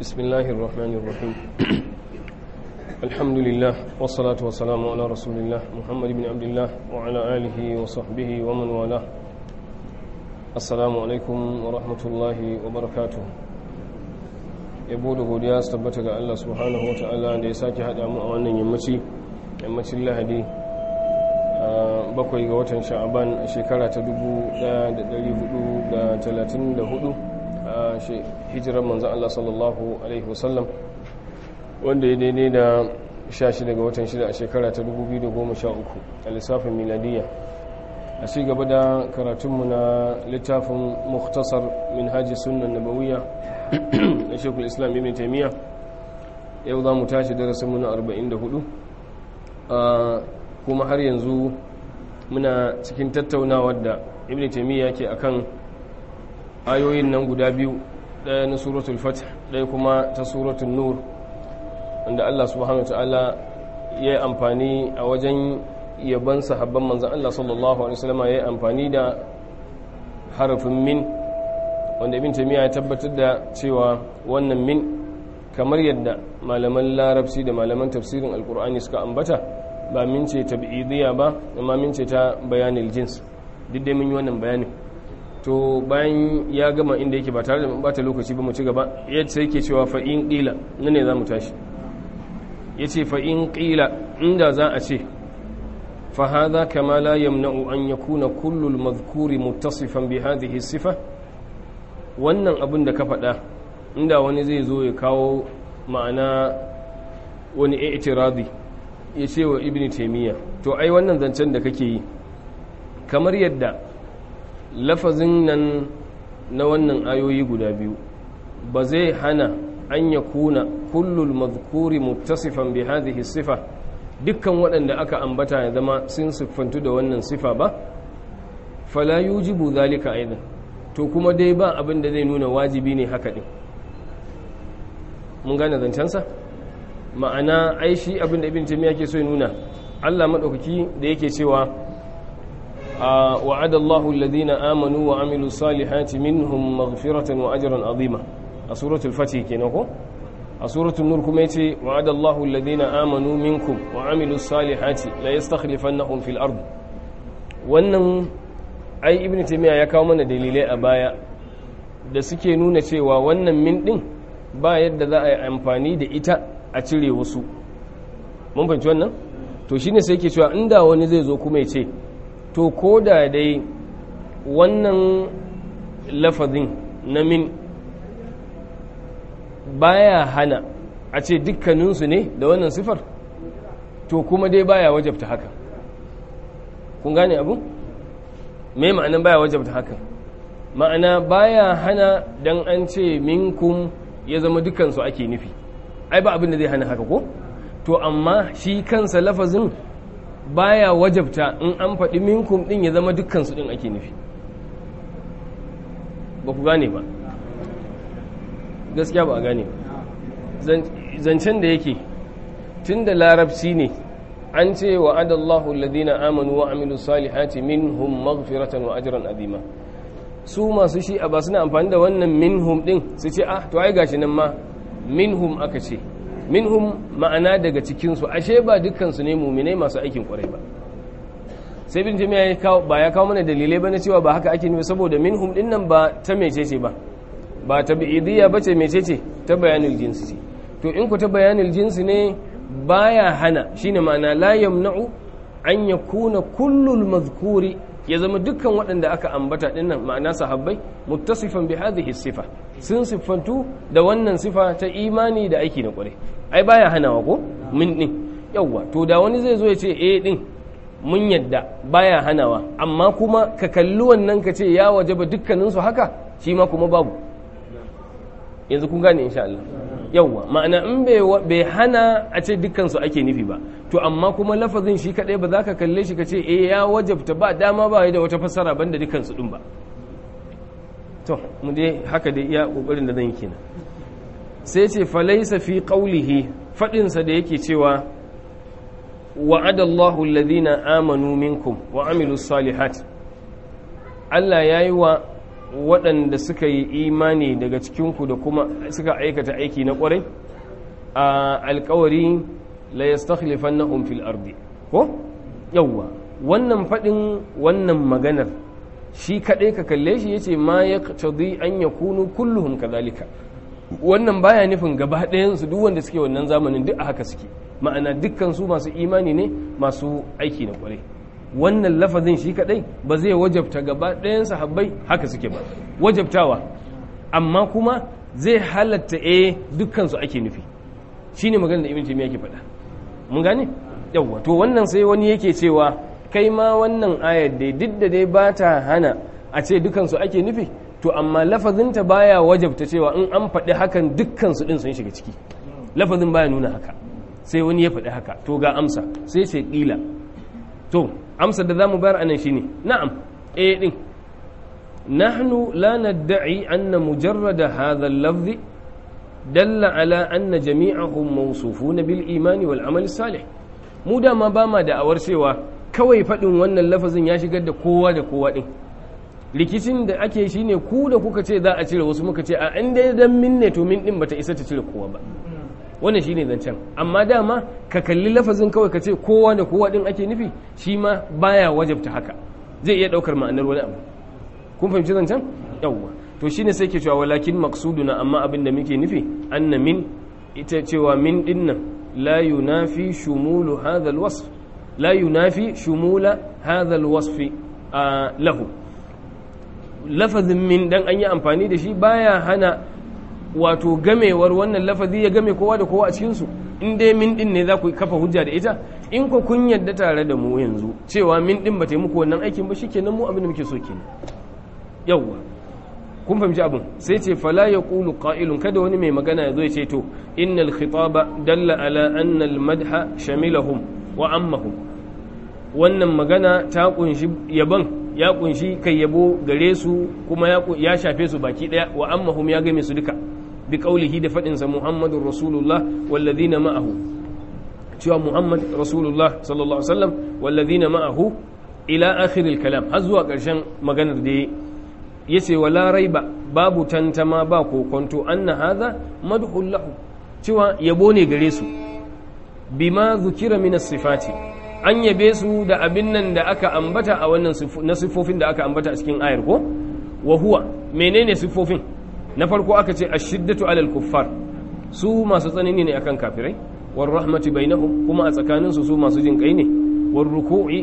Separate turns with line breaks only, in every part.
بسم الله الرحمن الرحيم الحمد لله والصلاة والسلام على رسول الله محمد بن عبد الله وعلى آله وصحبه ومن والاه السلام عليكم ورحمة الله وبركاته yabo da godiya su tabbata ga Allah subhanahu wa ta'ala da ya sake haɗa mu a wannan yammaci yammacin lahadi bakwai ga watan sha'aban a shekara ta 1434 a hijirar manzan Allah sallallahu Alaihi wasallam wanda ya daidai da shi daga watan shida a shekara ta 2013 a lissafin miladiya a ci gaba da karatunmu na littafin muktasar min hajji sunan nabawiya na shekul islam ibn taimiyya yau za mu tashi darasinmu na 44 kuma har yanzu muna cikin tattaunawar da ibn taimiyya ke kan ayoyin nan guda biyu ɗaya na suratul fat ɗaya kuma ta suratul nur wanda allah subhanahu wa ta'ala ya yi amfani a wajen yaban sahabban manzan allah sallallahu alaihi wasallam ya yi amfani da harafin min wanda ibn taimiyya ya tabbatar da cewa wannan min kamar yadda malaman larabci da malaman tafsirin alkur'ani suka ambata ba min ce ta bi'idiyya ba amma min ce ta bayanin jins duk dai mun yi wannan bayanin to bayan ya gama inda yake ba tare da bata lokaci ba mu ci gaba yadda sai ke cewa fa'in ƙila na ne za mu tashi ya ce fa'in ƙila inda za a ce fahaza kama la yamna'u an ya kuna kullul mazkuri mutasifan bi hadhihi sifa wannan abin da ka faɗa inda wani zai zo ya kawo ma'ana wani itirazi ya ce wa ibn taimiyya to ai wannan zancen da kake yi kamar yadda lafazin nan na wannan ayoyi guda biyu ba zai hana an ya kuna kullul mazkuri muttasifan bi hadhihi sifa dukkan waɗanda aka ambata ya zama sun siffantu da wannan sifa ba fala yujibu zalika aidan to kuma dai ba abin da zai nuna wajibi ne haka din mun gane zancensa? ma'ana ai shi abin da ibn jami'a ke so ya nuna Allah maɗaukaki da yake cewa wa'ada Allahu alladhina amanu wa amilu salihati minhum maghfiratan wa ajran azima a suratul fatih kenan ko a suratul nur kuma yace wa'ada Allahu alladhina amanu minkum wa amilu salihati la yastakhlifannahum fil ard wannan ai ibn jami'a ya kawo mana dalilai a baya da suke nuna cewa wannan min din ba yadda za a yi amfani da ita a cire wasu mun fahimci wannan to shine sai yake cewa inda wani zai zo kuma ya ce to ko da dai wannan lafazin na min baya hana a ce dukkaninsu ne da wannan sifar to kuma dai baya wajabta haka kun gane abu me ma'anin baya wajabta haka ma'ana baya hana dan an ce minkum ya zama dukansu ake nufi ai ba abin da zai hana haka ko to amma shi kansa lafazin baya wajabta in an faɗi minkum ɗin ya zama dukkansu ɗin ake nufi ba ku gane ba gaskiya ba a gane zancen da yake tun da larabci ne an ce wa adallahu alladhina amanu wa amilu salihati minhum maghfiratan wa ajran azima su masu shi a ba suna amfani da wannan minhum din su ce ah to ai gashi nan ma minhum aka ce minhum ma'ana daga cikinsu ashe ba dukkansu ne muminai masu aikin kwarai ba sai bin jami'a ba ya kawo mana dalilai ba na cewa ba haka ake nufi saboda minhum din nan ba ta mecece ba ba ta bi'idiyya ba ce mecece ta bayanin jinsi ce to in ku ta bayanin jinsi ne baya hana shine ma'ana la yamna'u an yakuna kullul mazkuri ya zama dukkan waɗanda aka ambata dinnan ma'ana sahabbai muttasifan bi hadhihi sifa sun siffantu da wannan sifa ta imani da aiki na kware ai baya hanawa ko min din yawa to da wani zai zo ya ce eh din mun yadda baya hanawa amma kuma ka kalli wannan ka ce ya wajaba dukkaninsu haka shi ma kuma babu yanzu kun gane insha Allah yawwa ma'ana in bai hana a ce dukansu ake nufi ba to amma kuma lafazin shi kaɗai ba za ka kalle shi ka ce eh ya wajabta ba dama ba da wata fassara banda dukansu ɗin ba to mu dai haka dai iya ƙoƙarin da zan yi kenan sai ce falaisa fi qaulihi faɗinsa da yake cewa wa'adallahu alladhina amanu minkum wa amilus salihat Allah yayi wa waɗanda suka yi imani daga cikinku da kuma suka aikata aiki na ƙwarai a alkawari la na fil ardi ko yawwa wannan faɗin wannan maganar shi kaɗai ka kalle shi ya ce ma ya yaqtadi an kullum kulluhum kadhalika wannan baya nufin gaba ɗayansu duk wanda suke wannan zamanin duk a haka suke ma'ana dukkan su masu imani ne masu aiki na ƙwarai wannan lafazin shi kadai ba zai wajabta gaba ɗayan sahabbai haka suke ba wajabtawa amma kuma zai halatta eh dukkan su ake nufi shine maganar da imin jami'a ke faɗa mun gane yawwa to wannan sai wani yake cewa kai ma wannan ayar dai duk da dai ba ta hana a ce dukkan ake nufi to amma lafazinta baya wajabta cewa in an faɗi hakan dukkan su din sun shiga ciki lafazin baya nuna haka sai wani ya faɗi haka to ga amsa sai sai ƙila to amsar da za mu bayar shi shine na'am eh din nahnu la an anna mujarrada da al-lafzi dalla ala anna jami'ahum na bil imani wal amali salih mu dama ma ba ma da awar cewa kawai faɗin wannan lafazin ya shigar da kowa da kowa ɗin rikicin da ake shine ku da kuka ce za a cire wasu muka ce a in dai dan minne to min din bata isa ta cire kowa ba wannan shine zancen amma dama ka kalli lafazin kawai ka ce kowa da kowa din ake nufi shi ma baya wajabta haka zai iya daukar ma'anar wani abu kun fahimci zancen yawwa to shine sai ke cewa walakin maqsuduna amma abin da muke nufi anna min ita cewa min dinnan la yunafi shumulu hadha alwasf la yunafi shumula hadha alwasf lahu lafazin min dan an yi amfani da shi baya hana wato gamewar wannan lafazi ya game kowa da kowa a cikinsu in dai min din ne za ku kafa hujja da ita in ku kun yadda tare da mu yanzu cewa min din ba ta muku wannan aikin ba shikenan mu abin da muke so kenan yawwa kun fahimci abin sai ce fala ya kulu qa'ilun kada wani mai magana ya zo ya ce to innal khitaba dalla ala anna al madha shamilahum wa ammahum wannan magana ta kunshi yaban ya kunshi kai yabo gare su kuma ya shafe su baki daya wa ammahum ya game su duka bi qaulihi da faɗinsa sa muhammadur rasulullah walladhina ma'ahu cewa muhammad rasulullah sallallahu alaihi wasallam walladhina ma'ahu ila akhiril kalam har zuwa ƙarshen maganar da ya ce larai ba babu tantama ba kokonto anna hadha madhul lahu cewa yabo ne gare su bima zukira min sifati an yabe su da abin nan da aka ambata a wannan na sifofin da aka ambata a cikin ayar ko wa huwa menene siffofin na farko aka ce ashiddatu alal kuffar su masu tsanani ne akan kafirai war rahmatu bainahum kuma a tsakanin su su masu jin kai ne war ruku'i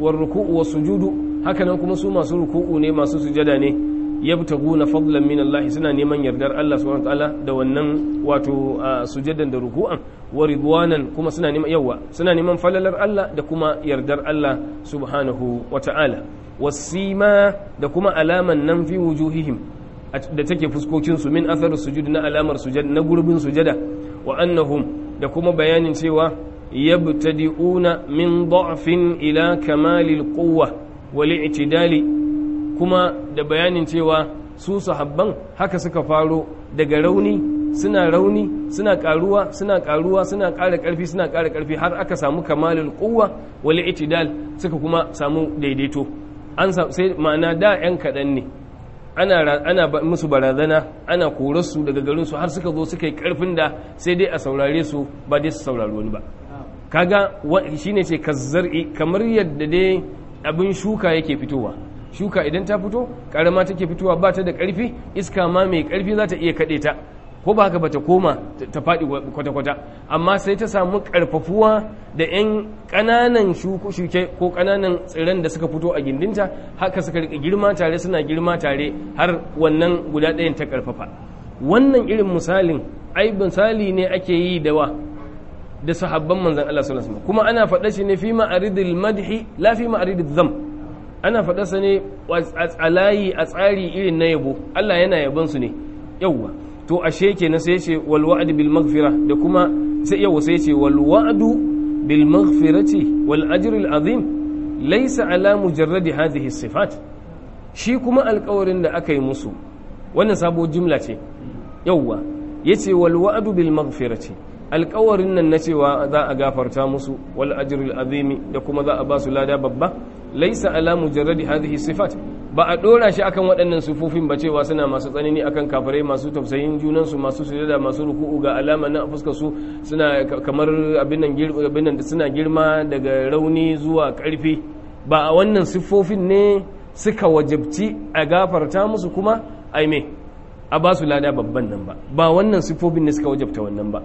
war ruku'u was sujudu haka nan kuma su masu ruku'u ne masu sujada ne yabtaguna fadlan min Allah suna neman yardar Allah subhanahu wataala da wannan wato sujadan da ruku'an wa ridwanan kuma suna neman yawa suna neman falalar Allah da kuma yardar Allah subhanahu wataala wasima da kuma alaman nan fi wujuhihim da take fuskokin su min athar sujud na alamar sujud na gurbin sujada wa annahum da kuma bayanin cewa yabtadi'una min da'fin ila kamalil quwwa wal i'tidali kuma da bayanin cewa su sahabban haka suka faro daga rauni suna rauni suna karuwa suna karuwa suna ƙara ƙarfi suna ƙara ƙarfi har aka samu kamalul quwwa wal i'tidal suka kuma samu daidaito an sai ma'ana da yan kaɗan ne ana musu barazana ana korarsu daga garin su har suka zo suka yi karfin da sai dai a saurare su ba dai su saurari wani ba kaga shine ce kazzar'i kamar yadda dai abin shuka yake fitowa shuka idan ta fito karama take fitowa ba ta da karfi iska ma mai karfi za ta iya kaɗe ta ko ba haka ba ta koma ta faɗi kwata-kwata amma sai ta samu ƙarfafuwa da 'yan ƙananan shuke ko ƙananan tsiran da suka fito a gindinta haka suka rika girma tare suna girma tare har wannan guda ɗayan ta ƙarfafa wannan irin misalin ai misali ne ake yi da wa da sahabban manzan Allah sallallahu alaihi kuma ana faɗa shi ne fi ma'aridil madhi ana faɗa ne a tsalayi a tsari irin na yabo Allah yana yabon su ne yawwa to ashe kenan sai ce wal wa'd bil maghfira da kuma sai yau sai ce wal wa'd bil maghfirati wal ajr al azim laysa ala mujarrad hadhihi sifat shi kuma alƙawarin da aka yi musu wannan sabo jumla ce yawa yace wal wa'd bil maghfirati alƙawarin nan na cewa za a gafarta musu wal ajr al azimi da kuma za a ba su lada babba laysa ala mujarrad hadhihi sifat ba a dora shi akan waɗannan sufufin ba cewa suna masu tsanani akan kafirai masu junan su masu sujada masu ruku'u ga alama na fuskar su suna kamar abin nan da suna girma daga rauni zuwa ƙarfi ba a wannan sufufin ne suka wajabci a gafarta musu kuma me a ba su lada babban nan ba ba wannan sufufin ne suka wajabta wannan ba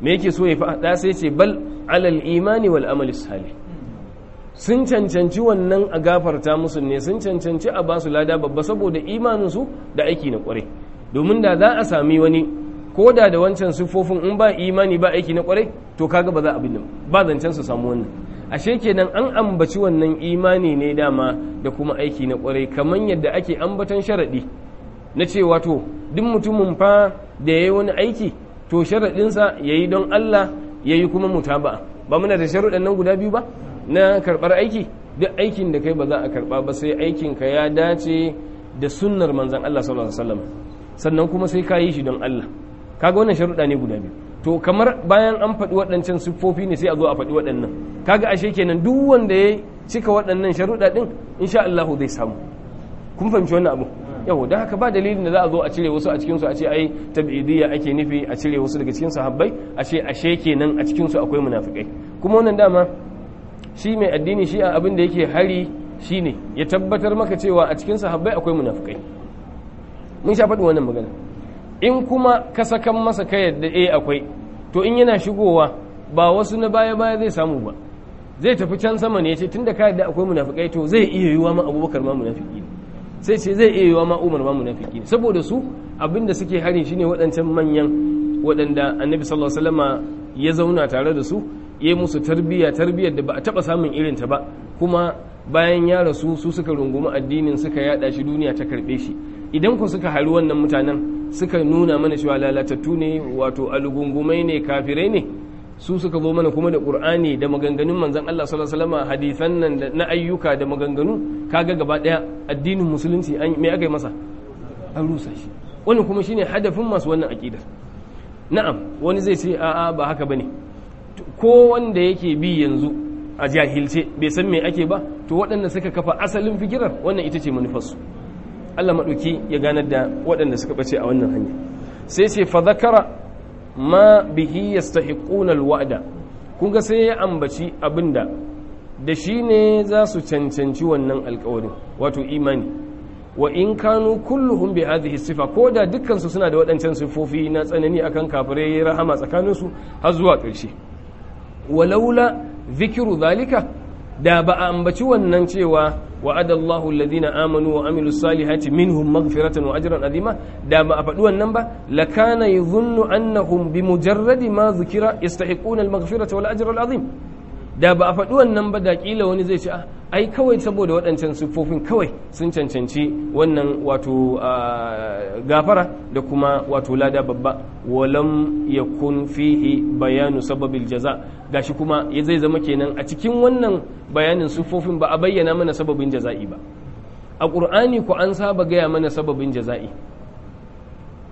me yake so ya faɗa sai ce bal alal imani wal amali salih sun cancanci wannan a gafarta musu ne sun cancanci a basu lada babba saboda imaninsu da aiki na kwarai domin da za a sami wani ko da da wancan siffofin in ba imani ba aiki na kwarai to kaga ba za a bin ba zancen su samu wannan ashe kenan an ambaci wannan imani ne dama da kuma aiki na kwarai kamar yadda ake ambatan sharaɗi na cewa to duk mutumin fa da yayi wani aiki to sharaɗinsa yayi don Allah yayi kuma mutaba ba muna da sharuɗan nan guda biyu ba na karbar aiki duk aikin da kai ba za a karba ba sai aikin ka ya dace da sunnar manzan Allah sallallahu alaihi sannan kuma sai ka yi shi don Allah kaga wannan sharuɗa ne guda biyu to kamar bayan an faɗi waɗancan siffofi ne sai a zo a faɗi waɗannan kaga ashe kenan duk wanda ya cika waɗannan sharuɗa din insha Allah zai samu kun fahimci wannan abu yau da haka ba dalilin da za a zo a cire wasu a cikinsu a ce ai tabidiyya ake nufi a cire wasu daga cikin sahabbai a ce ashe kenan a cikinsu akwai munafikai kuma wannan dama shi mai addini shi abin da yake hari shi ne ya tabbatar maka cewa a cikin sahabbai akwai munafukai mun sha faɗin wannan magana in kuma ka sakan masa ka yadda eh akwai to in yana shigowa ba wasu na baya baya zai samu ba zai tafi can sama ne ya ce tunda ka yadda akwai munafukai to zai iya yiwa ma abubakar ma munafiki ne sai ce zai iya yiwa ma umar ma munafiki ne saboda su abin da suke hari shine waɗancan manyan waɗanda annabi sallallahu alaihi wasallama ya zauna tare da su ya musu tarbiyya tarbiyyar da ba a taba samun irinta ba kuma bayan ya rasu su suka rungumi addinin suka yada shi duniya ta karbe shi idan ku suka hari wannan mutanen suka nuna mana cewa lalatattu ne wato algungumai ne kafirai ne su suka zo mana kuma da qur'ani da maganganun manzon Allah sallallahu alaihi wasallam hadisan nan na ayyuka da maganganu kaga gaba daya addinin musulunci an me aka yi masa an rusa shi wannan kuma shine hadafin masu wannan aqidar na'am wani zai ce a'a ba haka bane ko wanda yake bi yanzu a jahilce bai san me ake ba to waɗanda suka kafa asalin fikirar wannan ita ce manufarsu Allah maɗauki ya ganar da waɗanda suka ɓace a wannan hanya sai ce fa zakara ma bihi ƙunar alwa'da kun ga sai ya ambaci abinda da shi ne za su cancanci wannan alƙawarin. wato imani wa in kanu kulluhum bi hadhihi sifa ko da dukkan su suna da waɗancan sifofi na tsanani akan kafirai rahama tsakaninsu har zuwa ƙarshe walaula zikiru zalika da ba a ambaci wannan cewa wa'adallahu alladhina amanu wa amilu salihati minhum maghfiratan wa ajran azima da ba a faɗi wannan ba lakana yadhunnu annahum bi mujarradi ma dhukira yastahiquna al-maghfirata wal ajra al-azim da ba a faɗi wannan ba da ƙila wani zai ce ah, ai kawai saboda waɗancan siffofin kawai sun cancanci wannan wato gafara da kuma wato lada babba walam ya kun fihi bayanu sababil jaza gashi kuma ya zai zama kenan a cikin wannan bayanin siffofin ba a bayyana mana sababin jaza'i ba a ƙur'ani ku an saba gaya mana sababin jaza'i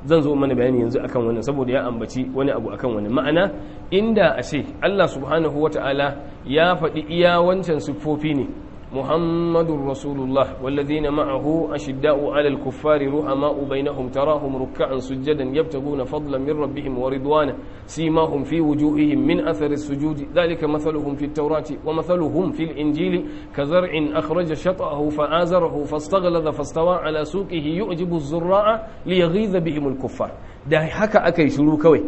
zan zo mana bayani yanzu akan wannan saboda ya ambaci wani abu akan wannan ma'ana inda a ce Allah subhanahu wata'ala ya faɗi iya wancan siffofi ne محمد رسول الله والذين معه أشداء على الكفار رحماء بينهم تراهم ركعا سجدا يبتغون فضلا من ربهم ورضوانا سيماهم في وجوههم من أثر السجود ذلك مثلهم في التوراة ومثلهم في الإنجيل كزرع أخرج شطأه فآزره فاستغلظ فاستوى على سوقه يعجب الزراع ليغيظ بهم الكفار ده حكى أكي شروع كوي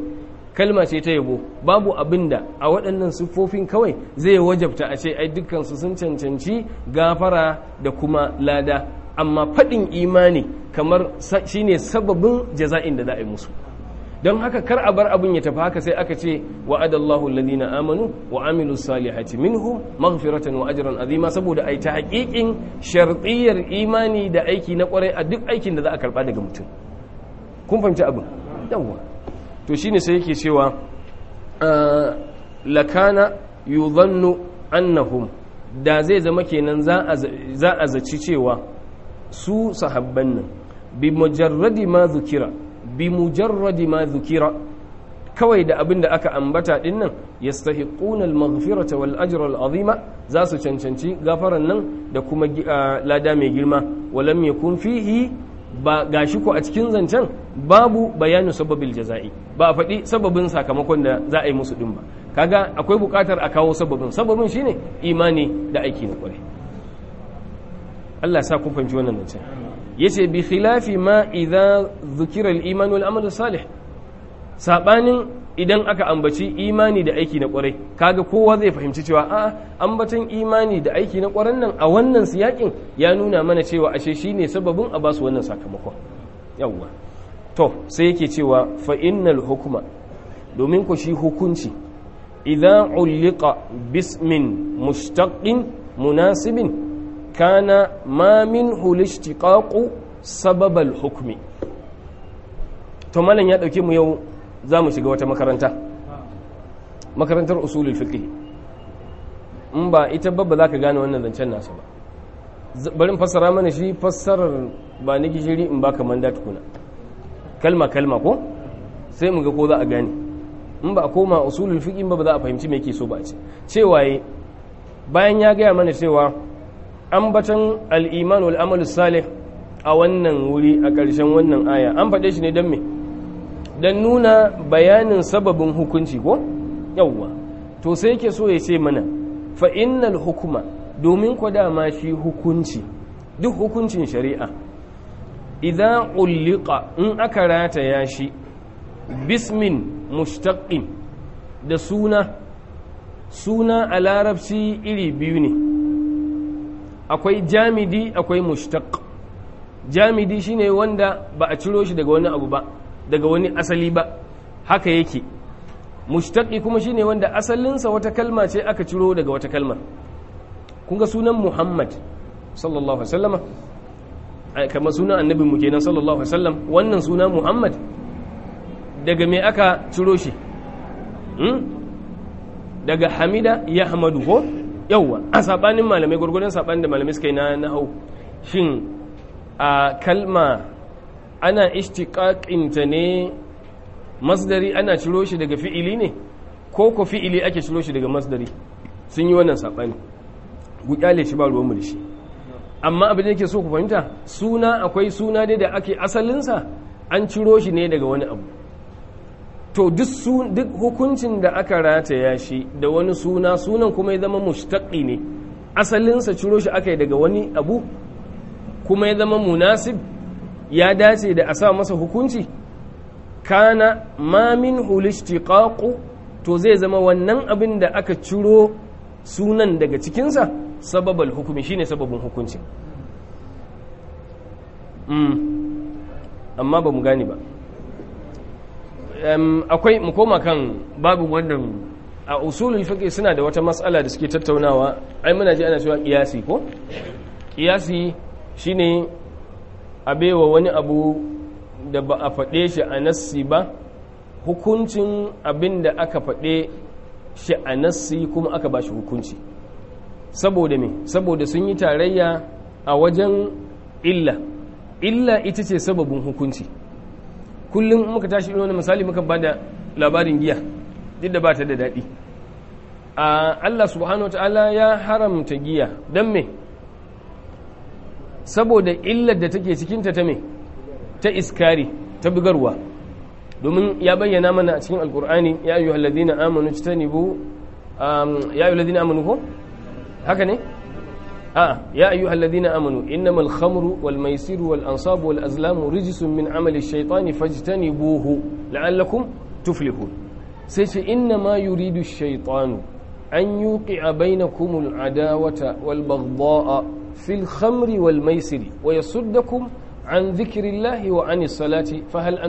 kalma ce ta yabo babu abinda a waɗannan siffofin kawai zai wajabta a ce ai dukkansu sun cancanci gafara da kuma lada amma faɗin imani kamar shine sababin jaza'in da za a yi musu don haka kar a bar abin ya tafi haka sai aka ce wa'adallahu ladina amanu wa amilu salihati minhu maghfiratan wa ajran azima saboda ai ta haƙiƙin sharɗiyar imani da aiki na kwarai a duk aikin da za a karba daga mutum kun fahimci abin yawwa to shine sai yake cewa ah, lakana yuzannu annahum da zai zama kenan za a zaci cewa su sahabban nan bi mujarradi ma zukira bi mujarradi ma zukira kawai da abin da aka ambata din nan yastahiquna al-maghfirata wal ajra al-azima za su cancanci gafaran nan da kuma ah, lada mai girma walam yakun fihi ba ga shi ko a cikin zancen babu bayanin sababil jaza'i ba a faɗi sababin sakamakon da za a yi musu ɗin ba kaga akwai buƙatar a kawo sababin sababin shine imani da aiki na ƙwarai Allah sa ku fahimci wannan zancen yace bi khilafi ma idza zukira al-iman wal amal salih sabanin idan aka ambaci imani da aiki na kwarai kaga kowa zai fahimci cewa a ambatan imani da aiki na kwarai nan a wannan siyakin ya nuna mana cewa ashe shine sababin a basu wannan sakamakon yawwa to sai yake cewa fa innal hukma domin ku shi hukunci idan ulliqa bismin mustaqin munasibin kana ma minhu lishtiqaqu sababal hukmi to malam ya dauke mu yau za mu shiga wata makaranta makarantar usulul fiqh in ba ita ba ba za ka gane wannan zancen nasa ba barin fassara mana shi fassarar ba ni gishiri in baka manda tukuna kalma kalma ko sai mu ga ko za a gane in ba a koma usulul fiqh ba ba za a fahimci me yake so ba ce cewa bayan ya gaya mana cewa ambaton al-iman wal amal salih a wannan wuri a ƙarshen wannan aya an faɗe shi ne don me dan nuna bayanin sababin hukunci ko yawwa to sai yake so ya ce mana fa innal hukuma domin ku dama shi hukunci duk hukuncin shari'a idan ulliqa in aka rataya shi bismin mushtaqin da suna suna a larabci iri biyu ne akwai jamidi akwai mushtaq jamidi shine wanda ba a ciro shi daga wani abu ba daga wani asali ba haka yake mushtaqi kuma shine wanda asalinsa wata kalma ce aka ciro daga wata kalma kun ga sunan muhammad sallallahu alaihi wasallama kama sunan annabi mu kenan sallallahu alaihi wasallam wannan sunan muhammad daga me aka ciro shi hmm? daga hamida ya hamadu ko yawwa a sabanin malamai gwargwadon sabanin da malamai suka yi na hau. shin a kalma ana ishtiqaqinta ne masdari ana ciro shi daga fi'ili ne ko ko fi'ili ake ciro shi daga masdari sun yi wannan saɓani guƙyale shi ba ruwan mu da shi amma abin da yake so ku fahimta suna akwai suna dai da ake asalinsa an ciro shi ne daga wani abu to duk hukuncin da aka rataya shi da wani suna sunan kuma ya zama mushtaƙi ne asalinsa ciro shi aka yi daga wani abu kuma ya zama munasib ya dace da a sa masa hukunci kana mamin min kaku to zai zama wannan abin da aka ciro sunan daga cikinsa sababal hukumi shine sababin hukunci mm. amma ba mu gane ba akwai mu koma kan babin wannan a usulun fake suna da wata matsala da suke tattaunawa ai muna ji ana cewa ƙiyasi ko ƙiyasi shine a baiwa wani abu da ba a faɗe shi a nassi ba hukuncin abin da aka faɗe shi a nassi kuma aka ba shi hukunci saboda me saboda sun yi tarayya a wajen illa illa ita ce sababin hukunci kullum muka tashi wani misali muka ba da labarin giya duk da ba ta da daɗi Allah subhanahu wa ta'ala ya haramta giya don me saboda illar da take cikinta ta me ta iskari ta bugarwa domin ya bayyana mana a cikin alkur'ani ya amanu um, ya yi halladina amanu ko haka ne a ya yi halladina amanu innamal khamru wal maisiru wal ansabu wal azlamu rijisun min amali shaitani fajtanibuhu la'allakum tuflihun sai ce innama ma yuridu shaitanu an yuqi'a bainakumul adawata wal baghdha'a في الخمر والميسر ويصدكم عن ذكر an zikirillahi wa فهل salati fa hal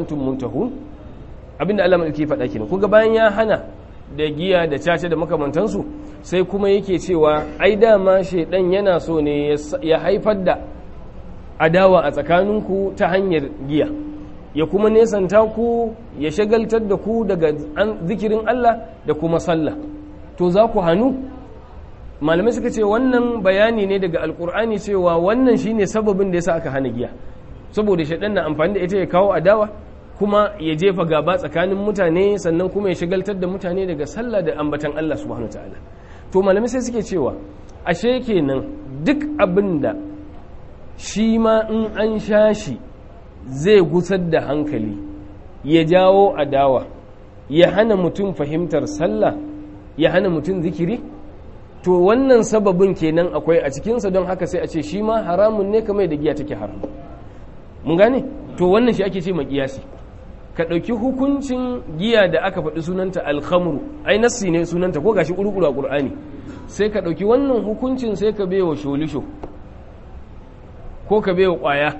abinda Allah mai faɗa kenan kuga bayan ya hana da giya da caca da makamantansu sai kuma yake cewa ai dama shaidan yana so ne ya haifar da adawa a tsakaninku ta hanyar giya ya kuma nesanta ku ya shagaltar da ku daga zikirin Allah da kuma sallah to za ku hannu malamai suka ce wannan bayani ne daga alkur'ani cewa wannan shine sababin da ya sa aka hana giya saboda shaɗan na amfani da ita ya kawo adawa kuma ya jefa gaba tsakanin mutane sannan kuma ya shigaltar da mutane daga sallah da ambatan Allah subhanahu ta'ala to malamai sai suke cewa ashe kenan duk abin da shi ma in an sha shi zai gusar da hankali ya jawo adawa ya hana mutum fahimtar sallah ya hana mutum zikiri to wannan sababin kenan akwai a cikinsa don haka sai a ce shi ma haramun ne kamar da giya take haramun. mun gane to wannan shi ake ce ma makiyasi ka ɗauki hukuncin giya da aka faɗi sunanta al-khamru ai nassi ne sunanta ko gashi kurkuru a ƙur'ani sai ka ɗauki wannan hukuncin sai ka wa sholisho ko ka wa ƙwaya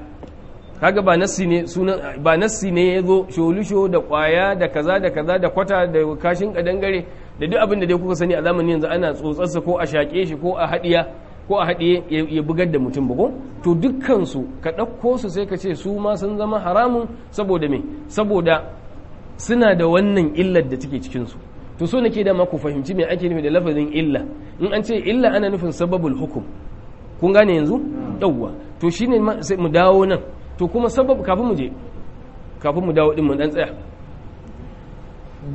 kaga ba nassi ne sunan ba nassi ne ya zo sholisho da ƙwaya da kaza da kaza da kwata da kashin kadangare da duk abin da dai kuka sani a zamanin yanzu ana tsotsarsa ko a shake shi ko a haɗiya ko a haɗiye ya bugar da mutum ba ko to dukkansu ka ɗauko su sai ka ce su ma sun zama haramun saboda me saboda suna da wannan illar da take cikinsu to so nake dama ku fahimci me ake nufi da lafazin illa in an ce illa ana nufin sababul hukum kun gane yanzu yawwa to shine mu dawo nan to kuma sabab kafin mu je kafin mu dawo din mu dan tsaya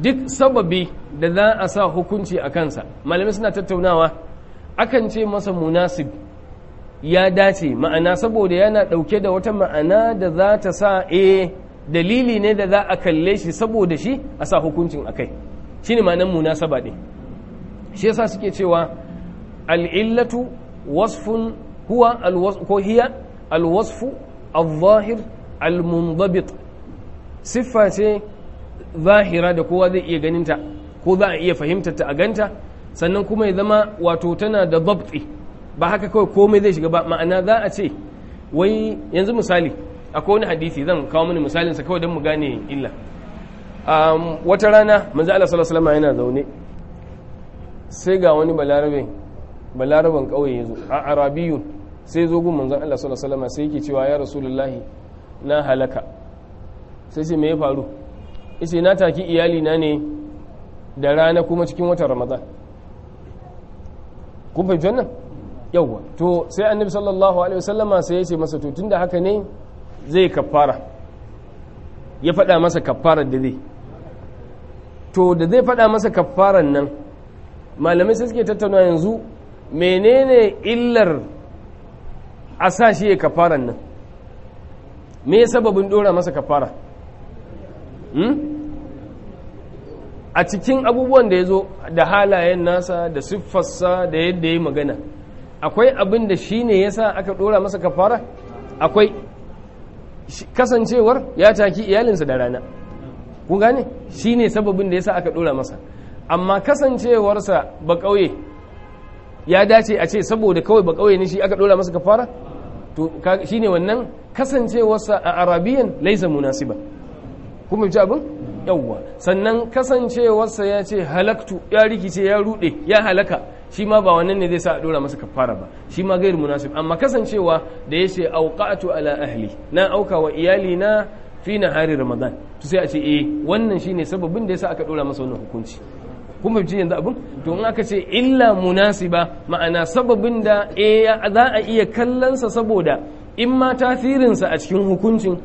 duk sababi da za a sa hukunci a kansa malamai suna tattaunawa akan ce masa munasib ya dace ma'ana saboda yana dauke da wata ma'ana da za ta sa e dalili ne da za a kalle shi saboda shi a sa hukuncin a kai shi ne ma'anan munasaba ɗin shi yasa suke cewa al'illatu wasfun huwa ko hiya alwasfu al-zahir al siffa ce zahira da kowa zai iya ganinta ko za a iya fahimtar ta a ganta sannan kuma ya zama wato tana da dabti ba haka kawai komai zai shiga ba ma'ana za a ce wai yanzu misali akwai wani hadisi zan kawo mini misalin sa kawai don mu gane illa wata rana manzo Allah sallallahu alaihi yana zaune sai ga wani balarabe balaraban kauye yazo a arabiyun sai zo gun manzo Allah sallallahu alaihi sai yake cewa ya rasulullahi na halaka sai ce me ya faru isi na taki iyali na ne da rana kuma cikin wata ramadan kun fahimci wannan yawwa to sai annabi sallallahu alaihi wasallama sai ya ce masa to tunda haka ne zai kafara ya faɗa masa kafarar da zai to da zai faɗa masa kafarar nan malamai sai suke tattauna yanzu menene illar a sa shi ya kafarar nan me sababin dora masa kafara Hmm? a cikin abubuwan da ya zo da halayen nasa da siffarsa da yadda ya magana akwai abin da shi ne ya sa aka ɗora masa kafara akwai kasancewar ya taki iyalinsa da rana ku gane shi ne sababin da ya sa aka ɗora masa amma kasancewarsa ba ƙauye ya dace a ce saboda kawai ba ƙauye ne shi aka ɗora masa kafara to shi ne wannan kasancewarsa a arabiyan laisa munasiba kuma ji abin yawwa sannan kasancewarsa ya ce halaktu ya rikice ya rude ya halaka shi ma ba wannan ne zai sa a dora masa kafara ba shi ma gair munasib amma kasancewa da ya ce auqatu ala ahli na auka wa iyali na fi nahari ramadan to sai a ce eh wannan shine sababin da yasa aka dora masa wannan hukunci kuma ji yanzu abin to in aka ce illa munasiba ma'ana sababin da eh za a iya kallonsa saboda in ma tasirinsa a cikin hukuncin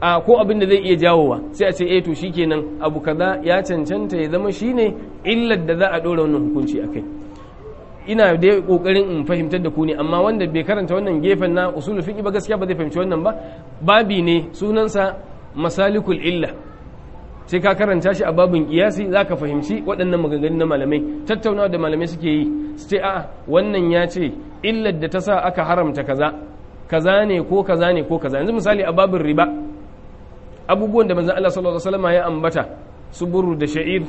a ko abin da zai iya jawowa sai a ce eh to shikenan abu kaza ya cancanta ya zama shine illar da za a dora wannan hukunci akai ina da kokarin in fahimtar da ku ne amma wanda bai karanta wannan gefen na usulul fiqh ba gaskiya ba zai fahimci wannan ba babi ne sunansa masalikul illa sai ka karanta shi a babin kiyasi zaka fahimci waɗannan maganganun na malamai tattaunawa da malamai suke yi su ce a wannan ya ce illar da ta sa aka haramta kaza kaza ne ko kaza ne ko kaza yanzu misali a babin riba abubuwan da manzan Allah sallallahu alaihi wasallam ya ambata su da sha'ir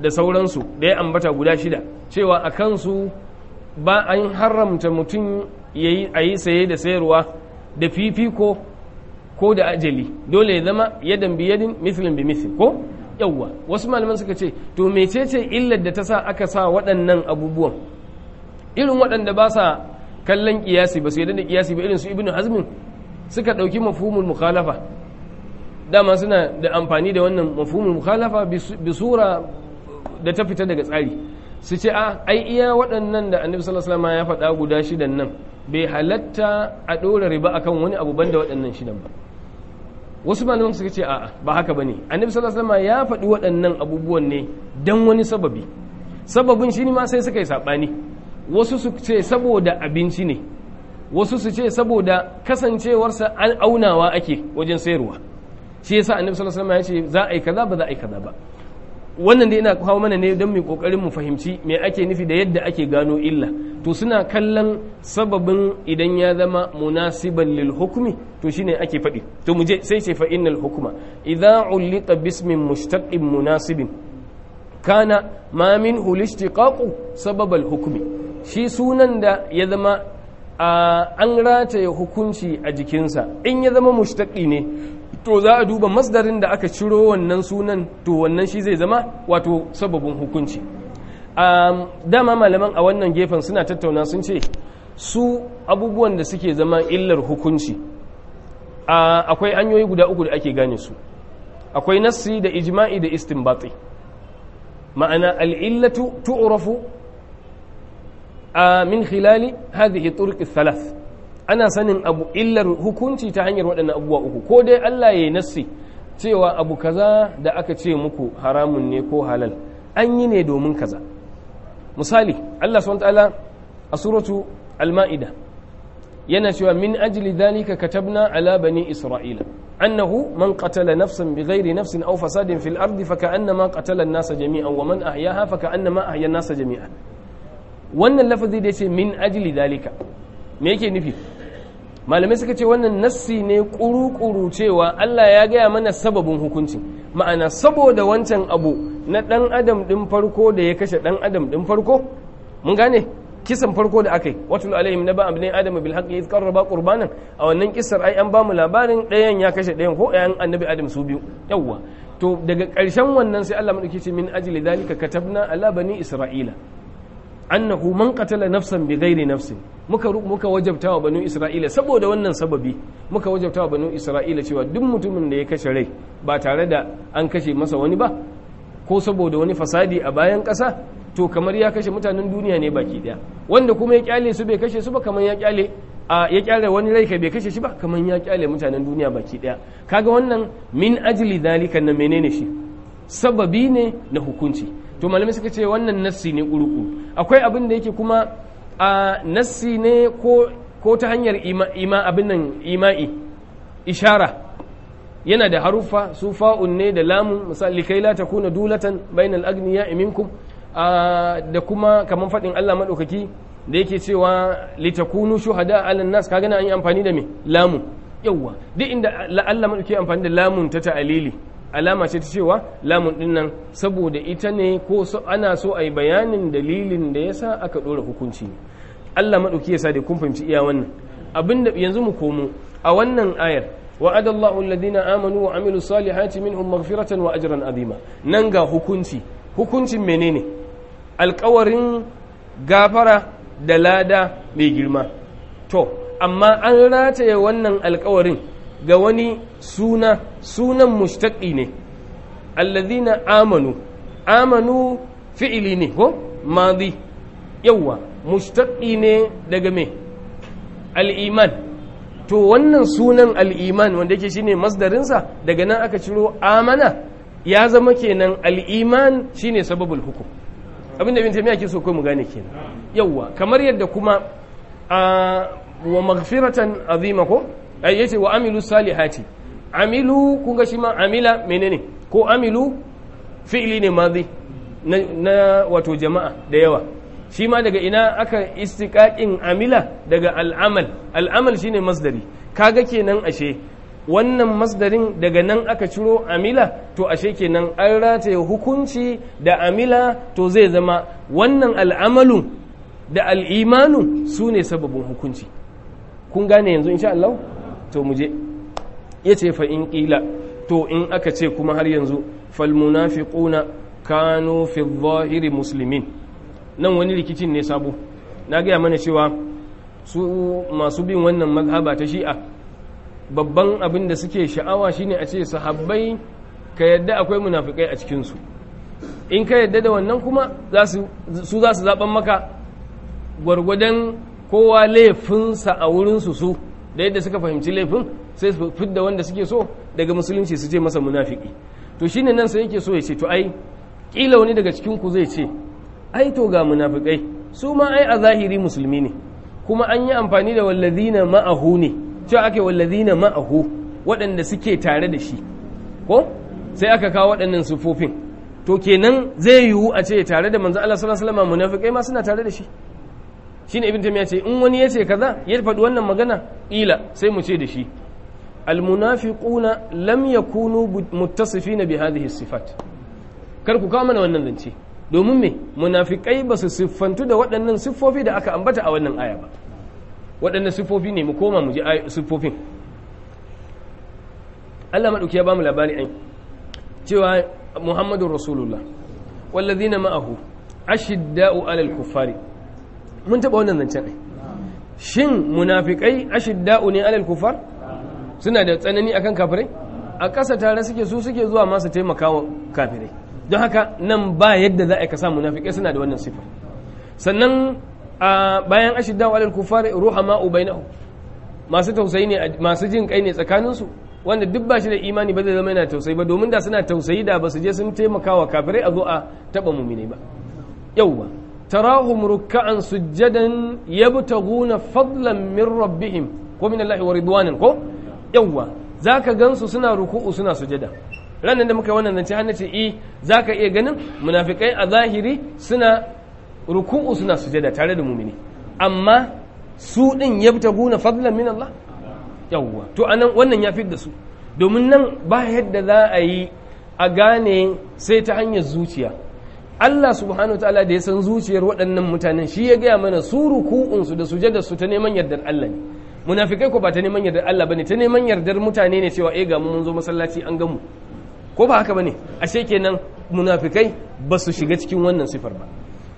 da sauransu da ya ambata guda shida cewa a kansu ba an haramta mutum yayi a yi saye da sayarwa da fifiko ko da ajali dole ya zama yadan bi yadin mislin bi mislin ko yawwa wasu malaman suka ce to mecece illar da ta sa aka sa waɗannan abubuwan irin waɗanda ba sa kallon kiyasi ba su yadda da kiyasi ba irin su ibnu hazmin suka ɗauki mafhumul mukhalafa dama suna da amfani da wannan mafumin mukhalafa bi sura da ta fita daga tsari su ce a ah, ai iya waɗannan da annabi sallallahu alaihi wasallam ya faɗa guda shidan nan bai halatta a ɗora riba akan wani abu banda waɗannan shidan ba wasu malaman suka ce a'a ba haka bane annabi sallallahu alaihi wasallam ya faɗi waɗannan abubuwan ne dan wani sababi sababin shi ne ma sai suka yi sabani wasu su ce saboda abinci ne wasu su ce saboda kasancewarsa an aunawa ake wajen sayarwa shi yasa annabi sallallahu alaihi wasallam ya ce za a yi kaza ba za a yi kaza ba wannan dai ina kawo mana ne don mu kokarin mu fahimci me ake nufi da yadda ake gano illa to suna kallon sababin idan ya zama munasiban lil hukmi to shine ake faɗi to mu je sai ce fa innal hukma idza ulita bismin mushtaqin munasibin kana ma min hulishtiqaqu sababal hukmi shi sunan da ya zama an rataye hukunci a jikinsa in ya zama mushtaqi ne to za a duba masdarin da aka ciro wannan sunan to wannan shi zai zama wato sababin hukunci dama malaman a wannan gefen suna tattauna sun ce su abubuwan da suke zama illar hukunci akwai hanyoyi guda uku da ake gane su akwai nassi da ijma'i da istinbati ma'ana al'illatu tu'rafu min khilali hadhihi turqi thalath ana sanin abu illar hukunci ta hanyar waɗannan abubuwa uku ko dai Allah ya yi nassi cewa abu kaza da aka ce muku haramun ne ko halal an yi ne domin kaza misali Allah subhanahu ta'ala a suratu al-ma'ida yana cewa min ajli dhalika katabna ala bani isra'ila annahu man qatala nafsan bighairi nafsin aw fasadin fil ardi faka'annama qatala an-nasa jami'an wa man ahyaha faka'annama ahya an-nasa jami'an wannan lafazi da yace min ajli dhalika me yake nufi malamai suka ce wannan nassi ne kuru-kuru cewa Allah ya gaya mana sababin hukunci ma'ana saboda wancan abu na ɗan adam ɗin farko da ya kashe ɗan adam ɗin farko mun gane kisan farko da aka yi wato alaihim na ba'am ne adamu bil haqqi iz qarraba qurbanan a wannan kisar ai an bamu labarin ɗayan ya kashe ɗayan ko ɗayan annabi adam su biyu yawwa to daga ƙarshen wannan sai Allah madauki ce min ajli dalika katabna ala bani isra'ila annahu man qatala nafsan bi ghairi nafsin muka muka wajabta wa banu isra'ila saboda wannan sababi muka wajabta wa banu isra'ila cewa duk mutumin da ya kashe rai ba tare da an kashe masa wani ba ko saboda wani fasadi a bayan kasa to kamar ya kashe mutanen duniya ne baki daya wanda kuma ya kyale su bai kashe su ba kamar ya kyale a ya kyale wani rai ka bai kashe shi ba kamar ya kyale mutanen duniya baki daya kaga wannan min ajli zalika na menene shi sababi ne na hukunci to malamai suka ce wannan nassi ne uruku akwai abin da yake kuma a nassi ne ko ta hanyar ima abin nan ima'i ishara yana da harufa su fa'un ne da lamu misali kai la takuna dulatan bainal agniya minkum da kuma kamar fadin Allah maɗaukaki da yake cewa litakunu shuhada alan nas kaga na an yi amfani da me lamun yawwa duk inda Allah maɗauki amfani da lamun ta ta'alili alama ce ta cewa lamun din nan saboda ita ne ko ana so a yi bayanin dalilin da ya sa aka ɗora hukunci ne allah maɗauki ya sa da kun fahimci iya wannan abin da yanzu mu komo a wannan ayar wa adallahu alladhina amanu wa amilu salihati minhum maghfiratan wa ajran azima nan ga hukunci hukuncin menene alƙawarin gafara da lada mai girma to amma an rataye wannan alƙawarin ga wani suna sunan mushtaƙi ne alladhina amanu amanu fi'ili ne ko madi yawa mushtaƙi ne daga me al'iman to wannan sunan al'iman wanda yake shine masdarinsa daga nan aka ciro amana ya zama kenan al'iman shine sababul hukum abinda bin taimiyya ke so kai mu gane kenan yawa kamar yadda kuma a wa maghfiratan azima ko ai eh, yace wa amilu salihati amilu kun ga shi ma amila menene ko amilu fi'li ne madhi na, wato jama'a da yawa shi ma daga ina aka istiqaqin amila daga al'amal al'amal shine masdari kaga kenan ashe wannan masdarin daga nan aka ciro amila to ashe kenan an rata hukunci da amila to zai zama wannan al'amalu da al'imanu su ne sababin hukunci kun gane yanzu insha Allah to mu je ya ce fa in ƙila to in aka ce kuma har yanzu falmunafiquna kanu fi zahiri muslimin nan wani rikicin ne sabo na gaya mana cewa su masu bin wannan mazhaba ta shi'a babban abin da suke sha'awa shine a ce sahabbai ka yadda akwai munafikai a cikinsu in ka yadda da wannan kuma su za su zaɓen maka gwargwadon kowa laifinsa a wurinsu su da yadda suka fahimci laifin sai su fidda wanda suke so daga musulunci su je masa munafiki to shine nan sai yake so ya ce to ai kila wani daga cikin ku zai ce ai to ga munafikai su ma ai a zahiri musulmi ne kuma an yi amfani da walladina ma'ahu ne cewa ake walladina ma'ahu waɗanda suke tare da shi ko sai aka kawo waɗannan sufofin to kenan zai yiwu a ce tare da manzo Allah sallallahu alaihi wasallam munafikai ma suna tare da shi shine ibn ya ce in wani yace kaza ya faɗi wannan magana ila sai mu ce da shi almunafiquna lam yakunu muttasifina bi hadhihi sifat kar ku kawo mana wannan zance domin me munafikai ba su siffantu da waɗannan siffofi da aka ambata a wannan aya ba waɗannan siffofi ne mu koma mu ji siffofin Allah maɗauki ya ba mu labari ai cewa muhammadur Rasulullah wallazina ma'ahu ashidda'u alal kuffari mun taɓa wannan zancen ai shin munafikai ashidda'u ne alal kufar suna da tsanani akan kafirai a ƙasa tare suke su suke zuwa masu taimaka wa kafirai don haka nan ba yadda za a kasa munafikai suna da wannan sifar sannan a bayan ashidda'u alal kufar ruhama'u bainahu masu tausayi ne masu jin kai ne su wanda duk ba shi da imani ba zai zama yana tausayi ba domin da suna tausayi da ba su je sun taimaka wa kafirai a zo a taɓa mumini ba yauwa tarahum ruk'an sujjadan yabtaguna fadlan min rabbihim ko min Allah wa ridwanan ko yawa zaka gansu suna ruku'u suna sujada ranan da muka wannan zance hannu ce i zaka iya ganin munafikai a zahiri suna ruku'u suna sujada tare da mumini amma su din yabtaguna fadlan min Allah Yawwa to anan wannan ya fidda su domin nan ba yadda za a yi a gane sai ta hanyar zuciya Allah subhanahu ta'ala da ya san zuciyar waɗannan mutanen shi ya gaya mana su ruku'un su da sujada su ta neman yardar Allah ne munafikai ko ba ta neman yardar Allah bane ta neman yardar mutane ne cewa eh ga mu mun zo masallaci an gamu ko ba haka bane ashe kenan munafikai ba su shiga cikin wannan sifar ba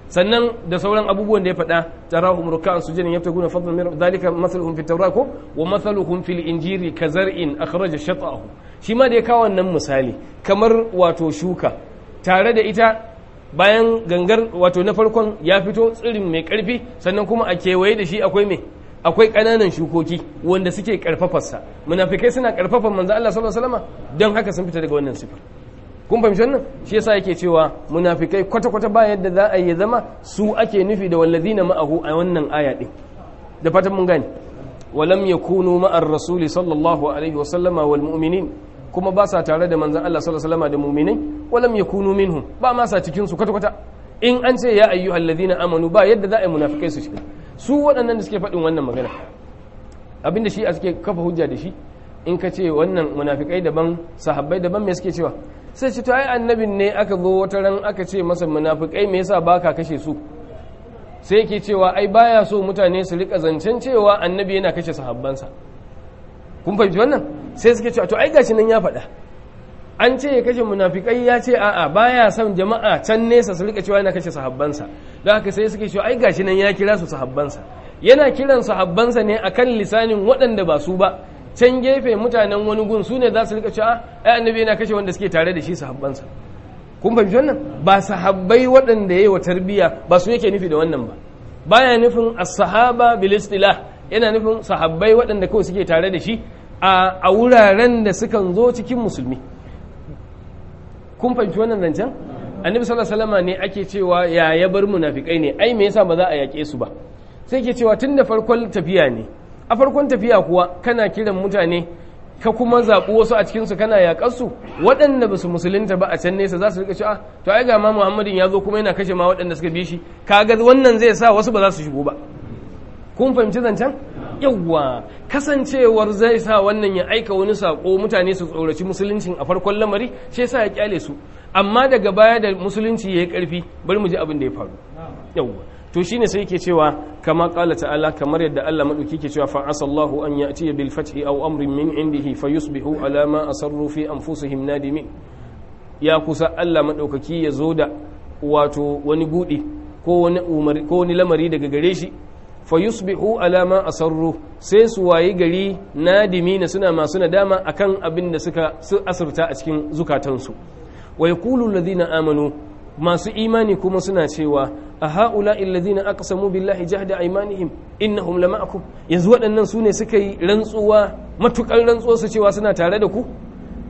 sannan da sauran abubuwan da ya faɗa tarahum ruk'an sujudan yabtaguna fadlan min zalika mathaluhum fi tawrat ko wa mathaluhum fil ka zar'in akhraja shat'ahu shi ma da ya kawo wannan misali kamar wato shuka tare da ita bayan gangar wato na farkon ya fito tsirin mai karfi sannan kuma a kewaye da shi akwai mai akwai ƙananan shukoki wanda suke karfafarsa munafikai suna karfafar manzo Allah sallallahu alaihi wasallam don haka sun fita daga wannan sifar kun fahimci wannan shi yasa yake cewa munafikai kwata kwata ba yadda za a yi zama su ake nufi da wallazina ma'ahu a wannan aya din da fatan mun gane walam yakunu ma'ar rasuli sallallahu alaihi wasallama wal mu'minin kuma ba sa tare da manzon Allah sallallahu alaihi wasallama da muminin. walam min minhum ba ma sa cikin su kwata kwata in an ce ya ayyu na amanu ba yadda za a yi munafikai su shiga su waɗannan da suke faɗin wannan magana abinda shi a suke kafa hujja da shi in ka ce wannan munafikai daban sahabbai daban me suke cewa sai ci to annabin ne aka zo wata ran aka ce masa munafikai me yasa ba ka kashe su sai yake cewa ai baya so mutane su rika zancen cewa annabi yana kashe sahabbansa kun fahimci wannan sai suke cewa to ai gashi nan ya faɗa an ce ya kashe munafikai ya ce a'a baya son jama'a can nesa su rika cewa yana kashe sahabbansa don haka sai suke cewa ai gashi nan ya kira su sahabbansa yana kiran sahabbansa ne akan lisanin waɗanda ba su ba can gefe mutanen wani gun su ne za su rika cewa ai annabi yana kashe wanda suke tare da shi sahabbansa kun fahimci wannan ba sahabbai waɗanda yayi wa tarbiya ba su yake nufi da wannan ba baya nufin as-sahaba bil istilah yana nufin sahabbai waɗanda kawai suke tare da shi a wuraren da sukan zo cikin musulmi kun fahimci wannan zancen annabi sallallahu alaihi wasallam ne ake cewa ya ya bar munafikai ne ai me yasa ba za a yake su ba sai ke cewa tun da farkon tafiya ne a farkon tafiya kuwa kana kiran mutane ka kuma zaɓi wasu a cikinsu kana yaƙar su waɗanda ba su musulunta ba a can nesa za su rika cewa ah, to ai ga ma muhammadin ya zo kuma yana kashe ma waɗanda suka bi shi kaga wannan zai sa wasu ba za su shigo ba kun fahimci zancen yawwa kasancewar zai sa wannan ya aika wani sako mutane su tsoraci musuluncin a farkon lamari shi yasa ya kyale su amma daga baya da musulunci ya yi karfi bari mu ji abin da ya faru yawwa to shine sai ke cewa kama qala ta'ala kamar yadda Allah madauki ke cewa fa asallahu an ya'ti bil fathi aw amrin min indihi fayusbihu ala ma asarru fi anfusihim nadimin ya kusa Allah madaukaki ya zo da wato wani buɗe ko wani lamari daga gare shi fa yusbihu ala ma asarru sai su wayi gari nadimi na suna masu nadama akan abin da suka su asirta a cikin zukatansu wa yaqulu alladhina amanu masu imani kuma suna cewa a ha'ula illazina aqsamu billahi jahda aymanihim innahum lama'akum yanzu waɗannan su ne suka yi rantsuwa matukar rantsuwa su cewa suna tare da ku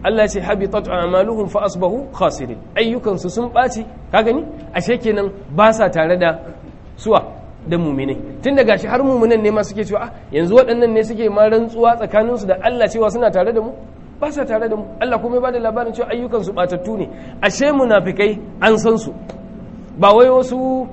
Allah ce habitat a'maluhum fa asbahu khasirin ayyukansu sun ɓaci ka gani ashe kenan ba sa tare da suwa da muminai tun da gashi har mumunan ne ma suke cewa ah, yanzu waɗannan ne suke ma rantsuwa tsakaninsu da Allah cewa suna tare da mu ba sa tare da mu Allah kuma ba da labarin cewa ayyukan su batattu ne ashe munafikai an san su ba wai wasu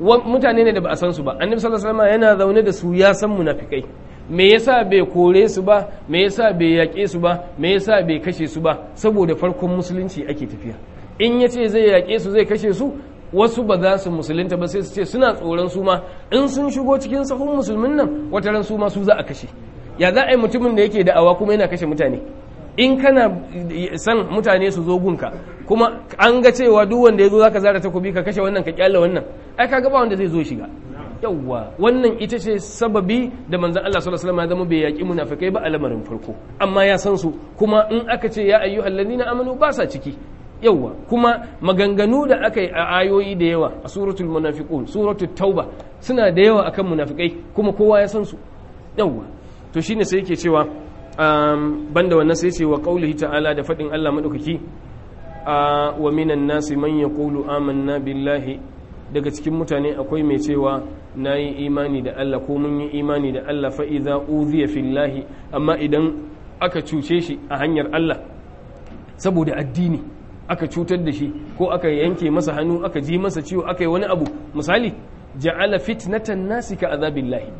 mutane ne da ba a san su ba annabi sallallahu alaihi wasallam yana zaune da su ya san munafikai me yasa bai kore su ba me yasa bai yaƙe su ba me yasa bai kashe su ba saboda farkon musulunci ake tafiya in yace ce zai yaƙe su zai kashe su wasu ba za su musulunta ba sai su ce suna tsoron su ma in sun shigo cikin sahun musulmin nan wata ran su ma su za a kashe ya za a yi mutumin da yake da'awa kuma yana kashe mutane in kana san mutane su zo gunka kuma an ga cewa duk wanda ya zo zaka zara takobi ka kashe wannan ka kyalle wannan ai kaga ba wanda zai zo shiga yawwa wannan ita ce sababi da manzon Allah sallallahu alaihi wasallam ya zama bai yaki munafikai ba a lamarin farko amma ya san su kuma in aka ce ya ayyuhallazina amanu ba sa ciki yawa kuma maganganu da aka yi a ayoyi da yawa a suratul munafiqun suratul tauba suna da yawa akan munafikai kuma kowa ya san su yawa to shine sai yake cewa um, banda wannan sai ce wa qaulihi ta'ala da fadin Allah madaukaki wa minan nasi man yaqulu amanna billahi daga cikin mutane akwai mai cewa nayi imani da Allah ko mun yi imani da Allah fa'iza uziya fillahi amma idan aka cuce shi a hanyar Allah saboda addini aka cutar da shi ko aka yanke masa hannu aka ji masa ciwo aka yi wani abu misali ja'ala fitnatan nasi ka azabillahi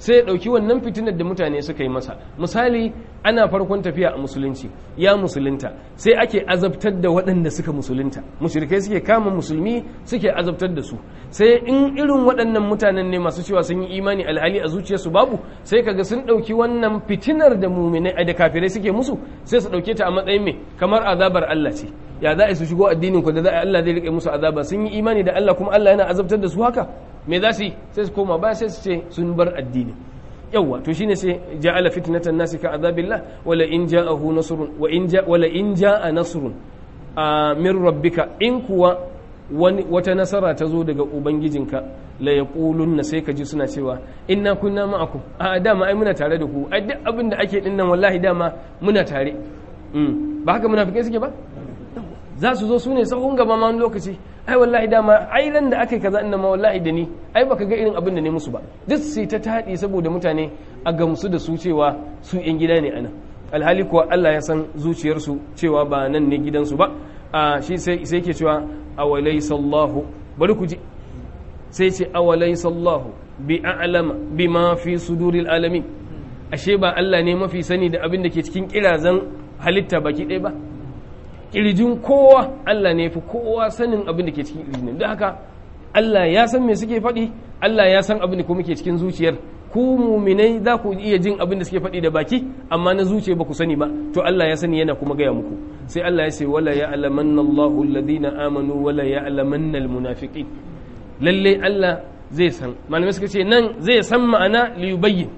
sai ya dauki wannan fitinar da mutane suka yi masa misali ana farkon tafiya a musulunci ya musulunta sai ake azabtar da waɗanda suka musulunta mushrikai suke kama musulmi suke azabtar da su sai in irin waɗannan mutanen ne masu cewa sun yi imani alhali a zuciyarsu babu sai kaga sun ɗauki wannan fitinar da muminai da kafirai suke musu sai su ɗauke ta a matsayin mai kamar azabar Allah ce ya za a su shigo addinin ku da za a Allah zai riƙe musu azaba sun yi imani da Allah kuma Allah yana azabtar da su haka me za su yi sai su koma ba sai su ce sun bar addini yawa to shine sai ja'ala fitnatan nasi ka azabillah wala in ja'ahu nasrun wa in ja wala in ja'a nasrun min rabbika in kuwa wani wata nasara ta zo daga ubangijinka la na sai ka ji suna cewa inna kunna ma'akum a dama ai muna tare da ku ai duk abin da ake dinnan wallahi dama muna tare mm. ba haka munafikai suke ba za su zo su ne sahun gaba ma wani lokaci ai wallahi dama ai ran da aka yi kaza inna ma wallahi da ni ai baka ga irin abin da ne musu ba duk sai ta tadi saboda mutane a gamsu da su cewa su yan gida ne anan alhali kuwa Allah ya san zuciyarsu cewa ba nan ne gidansu ba a shi sai sai ke cewa awalai sallahu bari ku ji sai ce awalai sallahu bi a'lam bima fi suduril alamin ashe ba Allah ne mafi sani da abin da ke cikin kirazan halitta baki ɗaya ba kirjin kowa Allah ne fi kowa sanin abin da ke cikin kirjin da haka Allah ya san me suke faɗi Allah ya san abin da kuma ke cikin zuciyar ku muminai za ku iya jin abin da suke faɗi da baki amma na zuciya ba ku sani ba to Allah ya sani yana kuma gaya muku sai Allah ya ce wala alamanna Allahu alladhina amanu wala alamanna almunafiqin lalle Allah zai san malamai suka ce nan zai san ma'ana yubayyin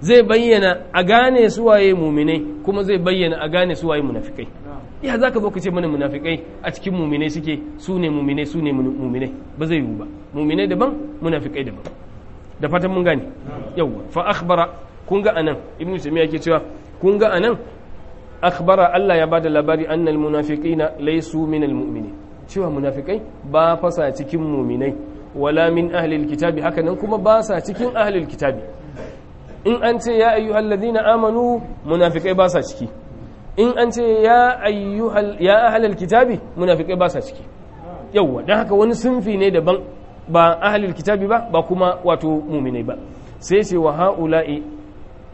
zai bayyana a gane suwaye muminai kuma zai bayyana a gane suwaye munafikai ya za ka zo ka ce mana munafikai a cikin muminai suke su ne muminai su ne muminai ba zai yiwu ba muminai daban munafikai daban da fatan mun gane yawwa fa akhbara kun ga anan Ibn sami yake cewa kun ga anan akhbara Allah ya bada labari annal munafiqina laysu minal mu'minin cewa munafikai ba fasa cikin muminai wala min ahlil kitabi haka nan kuma ba sa cikin ahlil kitabi in an ce ya ayyuhallazina amanu munafikai ba sa ciki in an ce ya ayyuhal ya kitabi munafikai ba sa ciki yawwa dan haka wani sunfi ne daban ba ahlul kitabi ba ba kuma wato mu'minai ba sai ce wa haula'i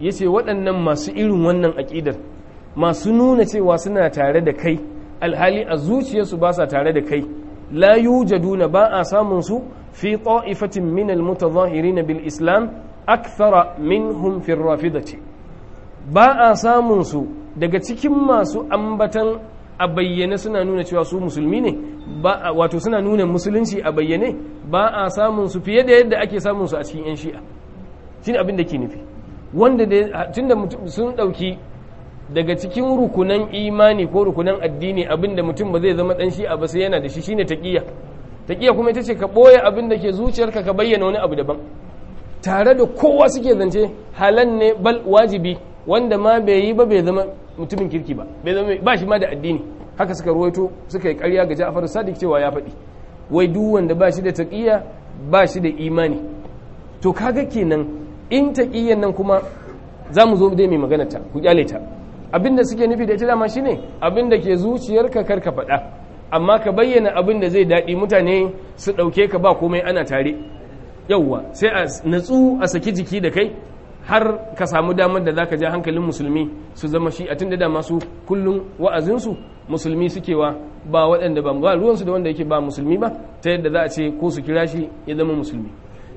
yace waɗannan masu irin wannan aƙidar masu nuna cewa suna tare da kai alhali a zuciyarsu ba sa tare da kai la yujaduna ba a samun su fi ta'ifatin min al-mutazahirin bil islam akthara minhum fi rafidati ba a samun su daga cikin masu ambatan a bayyane suna nuna cewa su musulmi ne wato suna nuna musulunci a bayyane ba a samun fiye da yadda ake samun a cikin 'yan shi'a shine abin da ke nufi wanda mutum sun ɗauki daga cikin rukunan imani ko rukunan addini abin da mutum ba zai zama ɗan shi'a ba sai yana da shi shine taƙiya taƙiya kuma ita ce ka ɓoye abin da ke zuciyarka ka bayyana wani abu daban tare da kowa suke zance halan ne bal wajibi wanda ma bai yi ba bai zama mutumin kirki ba bai ba shi ma da addini haka suka ruwaito suka yi karya ga ja'afar Sadiq cewa ya faɗi wai duk wanda ba shi da taƙiyya ba shi da imani to kaga kenan in taƙiyan nan kuma za mu zo dai mai magana ta ku kyale ta abinda suke nufi da ita dama shine abinda ke zuciyarka kar ka faɗa amma ka bayyana abin da zai daɗi mutane su ɗauke ka ba komai ana tare yauwa sai a natsu a saki jiki da kai har ka samu damar da za ka ja hankalin musulmi su zama shi a tunda da masu kullum wa'azinsu musulmi sukewa ba waɗanda ba ba ruwansu da wanda yake ba musulmi ba ta yadda za a ce ko su kira shi ya zama musulmi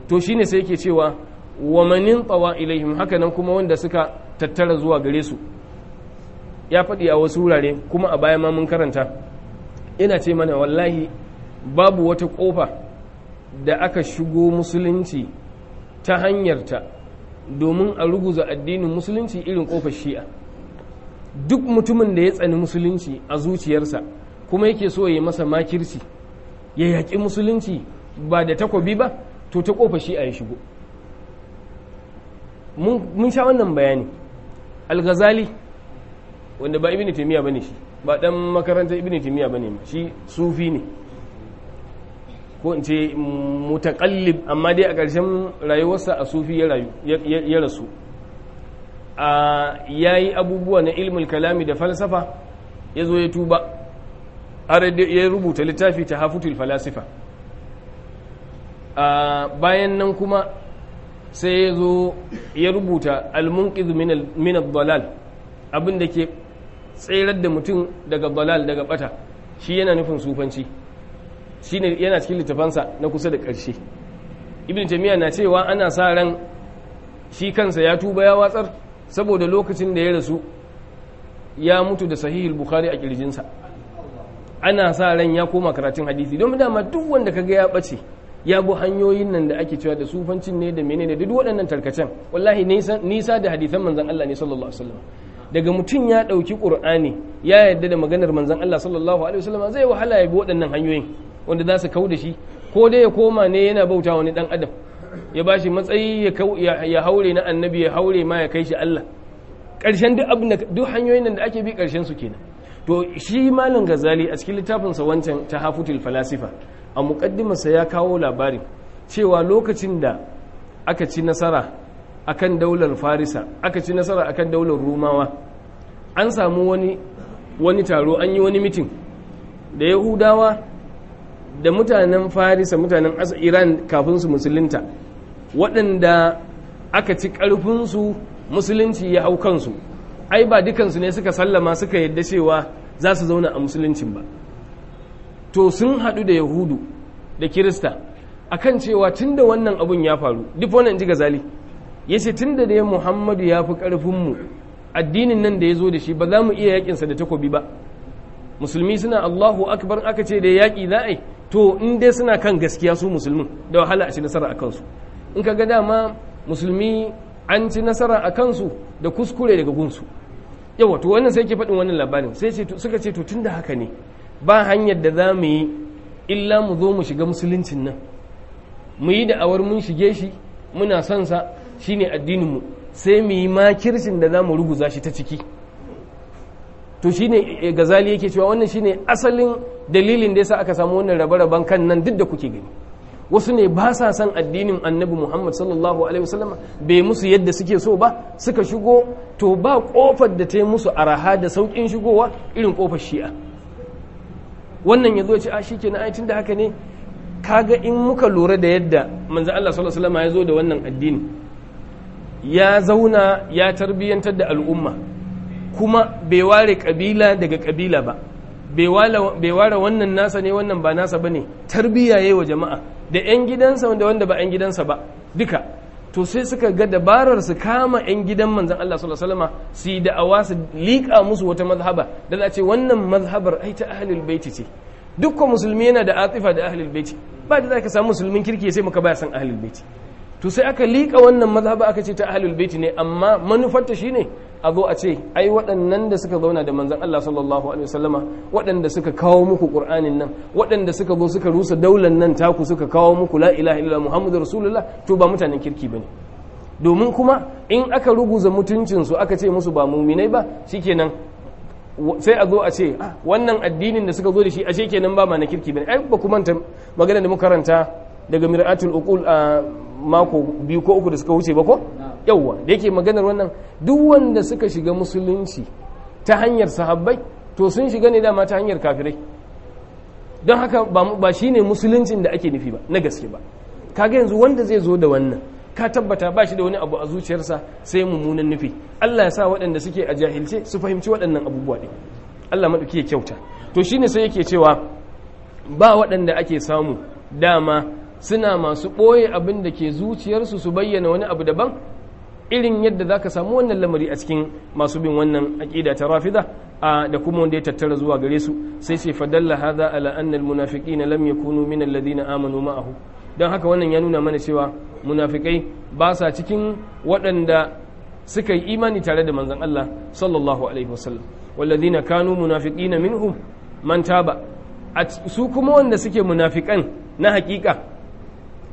to shi ne sai yake cewa wa manin tsawa ilaihim hakanan kuma wanda suka tattara zuwa gare su ya faɗi a wasu wurare kuma a baya ma mun karanta ina ce mana wallahi babu wata ƙofa da aka shigo musulunci ta hanyarta domin a ruguza addinin musulunci irin kofar shi'a duk mutumin da ya tsani musulunci a zuciyarsa kuma yake so ya masa makirci ya yaƙi musulunci ba da takobi ba to ta kofar shi'a ya shigo mun sha wannan bayani al-ghazali wanda ba ibn ba ne shi ba dan makarantar ibn ba ne shi sufi ne ko in ce mutakallib amma dai a ƙarshen rayuwarsa a sufi ya rasu ya yi abubuwa na ilmul kalami da falsafa ya zo ya tuba ya rubuta littafi ta hafutul falasifa bayan nan kuma sai ya zo ya rubuta almunkizu min dalal abinda ke tsirar da mutum daga dalal daga bata shi yana nufin sufanci shine yana cikin littafansa na kusa da ƙarshe ibn taymiya na cewa ana sa ran shi kansa ya tuba ya watsar saboda lokacin da ya rasu ya mutu da sahihul bukhari a kirjinsa ana sa ran ya koma karatun hadisi don dama duk wanda kaga ya bace ya bu hanyoyin nan da ake cewa da sufancin ne da menene da duk waɗannan tarkacen wallahi nisa da hadisan manzon Allah ne sallallahu alaihi wasallam daga mutum ya ɗauki ƙur'ani ya yarda da maganar manzon Allah sallallahu alaihi wasallam zai wahala ya bi waɗannan hanyoyin wanda za su kau da shi ko dai ya koma ne yana bauta wani dan adam ya ba shi matsayi ya haure na annabi ya haure ma ya kai shi Allah ƙarshen duk abin duk hanyoyin nan da ake bi ƙarshen su kenan to shi malam gazali a cikin littafin sa wancan ta hafutul falasifa a sa ya kawo labarin cewa lokacin da aka ci nasara akan daular farisa aka ci nasara akan daular rumawa an samu wani wani taro an yi wani mitin da yahudawa da mutanen farisa mutanen iran kafin su musulunta waɗanda aka ci ƙarfinsu musulunci ya hau kansu ai ba dukansu ne suka sallama suka yadda cewa za su zauna a musuluncin ba to sun haɗu da yahudu da kirista akan cewa tun da wannan abun ya faru duk wannan ji gazali ya ce tun da dai muhammadu ya fi ƙarfinmu addinin nan da ya zo da shi ba za mu iya yakinsa da takobi ba musulmi suna allahu akbar aka ce da yaƙi za a to in dai suna kan gaskiya su musulmin da wahala a ci nasara a kansu in ka ga dama musulmi an ci nasara a kansu da kuskure daga gunsu yau to wannan sai ke faɗin wannan labarin sai suka ce to tun da haka ne ba hanyar da za mu yi illa mu zo mu shiga musuluncin nan mu yi da'awar mun shige shi muna son sa shine addinin mu sai mu yi makircin da za mu ruguza shi ta ciki to shi ne eh, gazali yake cewa wannan shi ne asalin dalilin da ya sa aka samu wannan rabe-raben kan nan duk da kuke gani wasu ne ba sa son addinin annabi muhammad sallallahu alaihi wasallama bai musu yadda suke so ba suka shigo to ba kofar da ta yi musu araha da saukin shigowa irin kofar shi'a wannan ya zo ce a ah, shike na aitin da haka ne kaga in muka lura da yadda manzo Allah sallallahu alaihi wasallama ya zo da wannan addini ya zauna ya tarbiyyantar da al'umma kuma bai ware kabila daga kabila ba bai ware wannan nasa ne wannan ba nasa ba ne tarbiyya wa jama'a da 'yan gidansa da wanda ba 'yan gidansa ba duka to sai suka ga dabarar su kama 'yan gidan manzan Allah sallallahu alaihi wasallam su yi da'awa su liƙa musu wata mazhaba da za ce wannan mazhabar ai ta ahlul baiti ce dukkan musulmi yana da atifa da ahlul baiti ba da za ka samu musulmin kirki sai muka baya san ahlul baiti to sai aka liƙa wannan mazhaba aka ce ta ahlul baiti ne amma manufarta shine a zo a ce ai waɗannan da suka zauna da manzan Allah sallallahu alaihi wasallama waɗanda suka kawo muku ƙur'anin nan waɗanda suka zo suka rusa daular nan taku suka kawo muku la ilaha illallah muhammadu rasulullah to ba mutanen kirki bane domin kuma in aka ruguza mutuncinsu aka ce musu ba muminai ba shikenan sai a zo a ce ah, wannan addinin da suka zo da shi a kenan ba ma na kirki bane ai ba kuma magana da muka karanta daga mir'atul ukul a mako biyu ko uku da suka wuce ba ko yawwa da yake maganar wannan duk wanda suka shiga musulunci ta hanyar sahabbai to sun shiga ne dama ta hanyar kafirai don haka ba shi ne musuluncin da ake nufi ba na gaske ba kaga yanzu wanda zai zo da wannan ka tabbata ba shi da wani abu a zuciyarsa sai mummunan nufi Allah ya sa waɗanda suke a jahilce su fahimci waɗannan abubuwa ɗin Allah maɗauki ya kyauta to shi ne sai yake cewa ba waɗanda ake samu dama suna masu ɓoye abin da ke zuciyarsu su bayyana wani abu daban irin yadda za ka samu wannan lamari a cikin masu bin wannan aƙida ta rafida da kuma wanda ya tattara zuwa gare su sai sai fadalla hadha ala annal munafiqina lam yakunu min alladhina amanu ma'ahu dan haka wannan ya nuna mana cewa munafikai ba sa cikin waɗanda suka yi imani tare da manzon Allah sallallahu alaihi wasallam walladhina kanu munafiqina minhum man taba su kuma wanda suke munafikan na hakika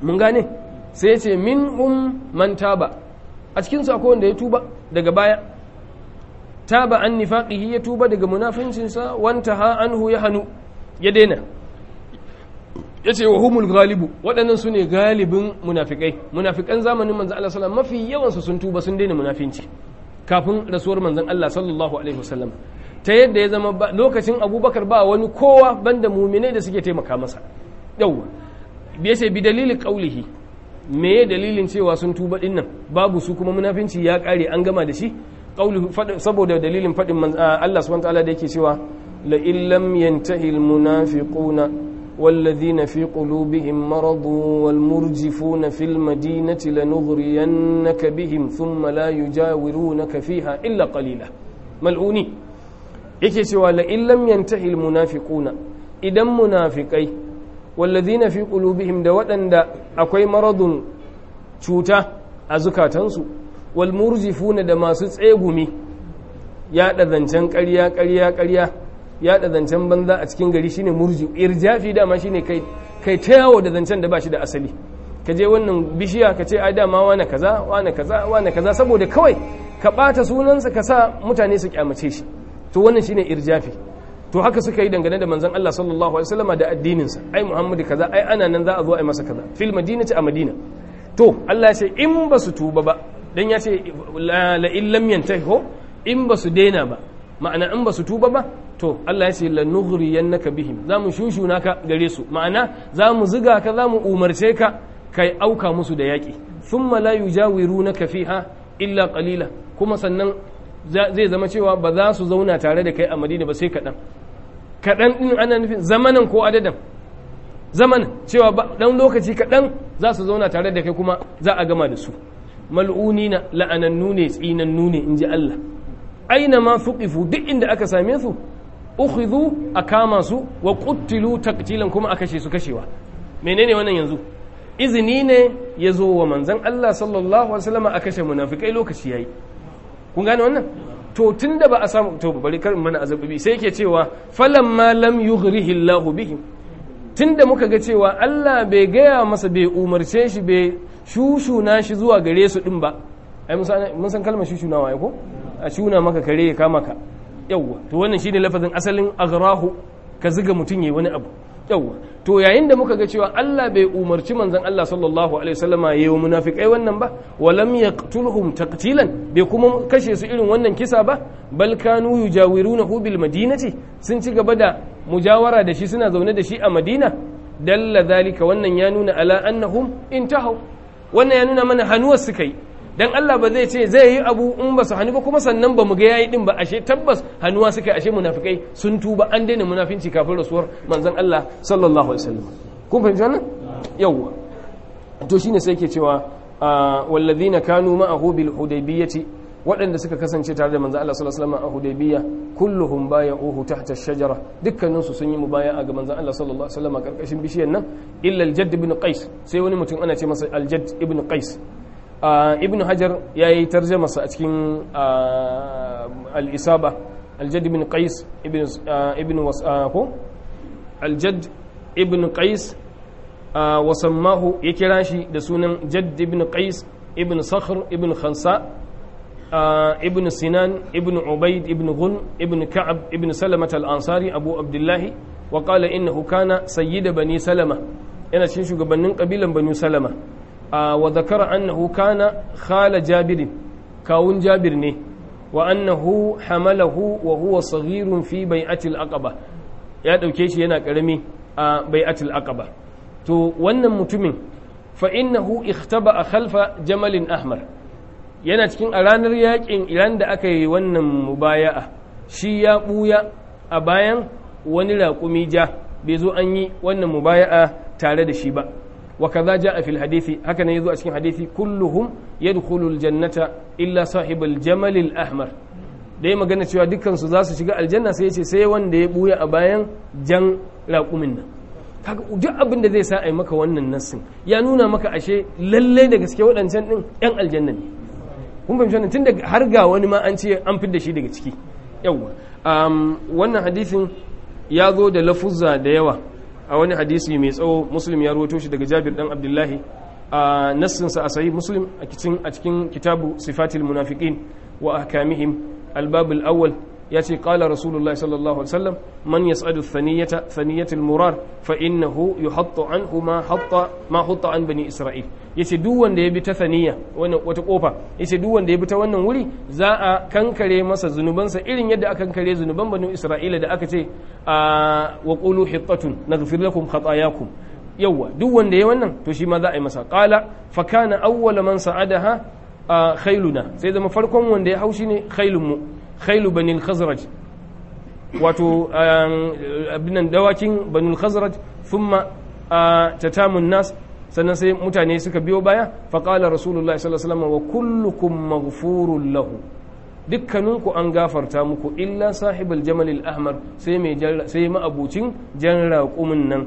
mun gane sai ya ce minhum man taba a cikinsu akwai wanda ya tuba daga baya taba an nifaqihi ya tuba daga munafincinsa wanta ha anhu ya hannu ya daina ya ce wa humul galibu waɗannan su ne galibin munafikai munafikan zamanin manzan Allah sallam mafi yawansu sun tuba sun daina munafinci kafin rasuwar manzan Allah sallallahu alaihi wasallam ta yadda ya zama lokacin abubakar ba wani kowa banda muminai da suke taimaka masa yawwa ya ce bi dalilin ƙaulihi me dalilin cewa sun tuba din nan babu su kuma munafinci ya kare an gama da shi saboda dalilin faɗin ah, Allah subhanahu wataala da yake cewa la illam yantahi almunafiquna fi في قلوبهم مرض والمرجفون في المدينة لنغرينك بهم ثم لا يجاورونك فيها illa qalila. maluni yake cewa la illam yantahi almunafiquna idan munafiqai wallazina fi qulubihim da waɗanda akwai maradun cuta a zukatansu wal murzifuna da masu tsegumi yaɗa zancen ƙarya ƙarya ƙarya yaɗa zancen banza a cikin gari shine murji irjafi dama shine kai kai ta yawo da zancen da ba shi da asali kaje wannan bishiya kace ce ai dama wane kaza wane kaza wane kaza saboda kawai ka ɓata sunansa ka sa mutane su kyamace shi to wannan shine irjafi to haka suka yi dangane da manzon Allah sallallahu alaihi wasallam da addininsa ai Muhammadu kaza ai ana nan za a zo ai masa kaza fil madinati a madina to Allah ya ce in ba su tuba ba dan ya ce la in lam yantahu in ba su daina ba ma'ana in ba su tuba ba to Allah ya ce la yannaka bihim za mu shushuna ka gare su ma'ana za mu ziga ka za mu umarce ka kai auka musu da yaki thumma la yujawirunaka fiha illa qalila kuma sannan zai zama cewa ba za su zauna tare da kai a madina ba sai kaɗan kaɗan ɗin ana nufin zamanin ko adadin zamanin cewa ɗan lokaci kaɗan za su zauna tare da kai kuma za a gama da su mal'unina la'anannu ne tsinannu ne in ji Allah aina ma fuqifu duk inda aka same su ukhidhu a kama su wa qutilu taqtilan kuma a kashe su kashewa menene wannan yanzu izini ne ya zo wa manzon Allah sallallahu alaihi wasallam a kashe munafikai lokaci yayi kun gane wannan to tunda ba a samu to bari karin mana azabbi sai yake cewa ma lam yughrihi Allahu bihim tunda muka ga cewa Allah bai gaya masa bai umarce shi bai shushuna shi zuwa gare su din ba ai mun san kalmar shushunawa ai ko a shuna maka kare ya kama ka yawwa to wannan shine lafazin asalin aghrahu ka ziga mutun yayi wani abu yawwa to yayin da muka ga cewa Allah bai umarci manzon Allah sallallahu alaihi wasallama yayi munafikai wannan ba walam yaqtulhum taqtilan bai kuma kashe su irin wannan kisa ba bal kanu yujawirunahu bil madinati sun ci gaba da mujawara da shi suna zaune da shi a Madina dalla zalika wannan ya nuna ala annahum intahu wannan ya nuna mana hanuwar suka yi dan Allah ba zai ce zai yi abu in ba su hannu ba kuma sannan ba mu ga yayi din ba ashe tabbas hannuwa suka ashe munafikai sun tuba an daina munafinci kafin rasuwar manzon Allah sallallahu alaihi wasallam kun fahimci wannan yawwa to shine sai yake cewa ah, walladhina kanu ma'ahu bil hudaybiyyati waɗanda suka kasance tare da manzo Allah sallallahu alaihi wasallam a Hudaybiyya kulluhum bay'uhu tahta ash-shajara dukkanin su sun yi mubaya'a ga manzo Allah sallallahu alaihi wasallam karkashin bishiyar nan illa al-Jadd ibn Qais sai wani mutum ana ce masa al-Jadd ibn Qais ibn hajar ya yi tarjama a cikin Al-Isaba aljad ibn qais ibn ko aljad ibn qais wasammahu ya kira shi da sunan jad ibn qais ibn sakhr ibn khansa ibn sinan ibn ubaid ibn gun ibn ka'ab ibn salamat al-ansari abu abdullahi wa qala innahu kana sayyida bani salama yana cikin shugabannin kabilan bani salama wa zakara annahu kana khala jabirin kawun jabir ne wa annahu hamalahu wa huwa saghirun fi bai'atil aqaba ya ɗauke shi yana ƙarami a bai bai'atil aqaba to wannan mutumin fa innahu a khalfa jamalin Ahmad. yana cikin a ranar yakin ilan da aka yi wannan mubaya'a shi ya ɓuya a bayan wani raƙumi ja bai zo an yi wannan mubaya'a tare da shi ba wa kaza jaa fil hadisi haka ne yazo a cikin hadisi kulluhum yadkhulul jannata illa sahibul jamal al ahmar dai magana cewa dukkan su za su shiga aljanna sai yace sai wanda ya buya a bayan jan raqumin nan kaga duk abin da zai sa ai maka wannan nassin ya nuna maka ashe lallai da gaske waɗancan din yan aljanna ne kun fahimci wannan tunda har ga wani ma an fi da shi daga ciki yawa wannan hadisin ya zo da lafuzza da yawa a wani hadisi mai tsawo muslim ya ruwato shi daga jabir dan abdullahi a nassinsa a sayi muslim a cikin kitabu sifatil munafiqin wa ahkamihim albabul awwal ya ce ƙala rasulullahi sallallahu alaihi wasallam man yas'adu thaniyata thaniyatul murar fa innahu yuhattu anhu ma hatta ma hatta an bani isra'il yace duk wanda ya bi ta thaniya wannan wata kofa yace duk wanda ya bi ta wannan wuri za a kankare masa zunubansa irin yadda aka kankare zunuban bani isra'ila da aka ce wa qulu hittatun naghfir lakum khatayakum yawwa duk wanda ya wannan to shi ma za a yi masa Kala fa kana awwala man sa'adaha khailuna sai zama farkon wanda ya haushi ne khailun mu khailu banil khazraj wato um, abinan dawakin banil khazraj thumma uh, tatamun nas sannan sai mutane suka biyo baya faƙalar rasulullahi sallallahu alaihi wa kullukum maghfurun lahu dukkaninku an gafarta muku illa sahibul jamalil ahmar sai mai sai ma'abucin jan raƙumin nan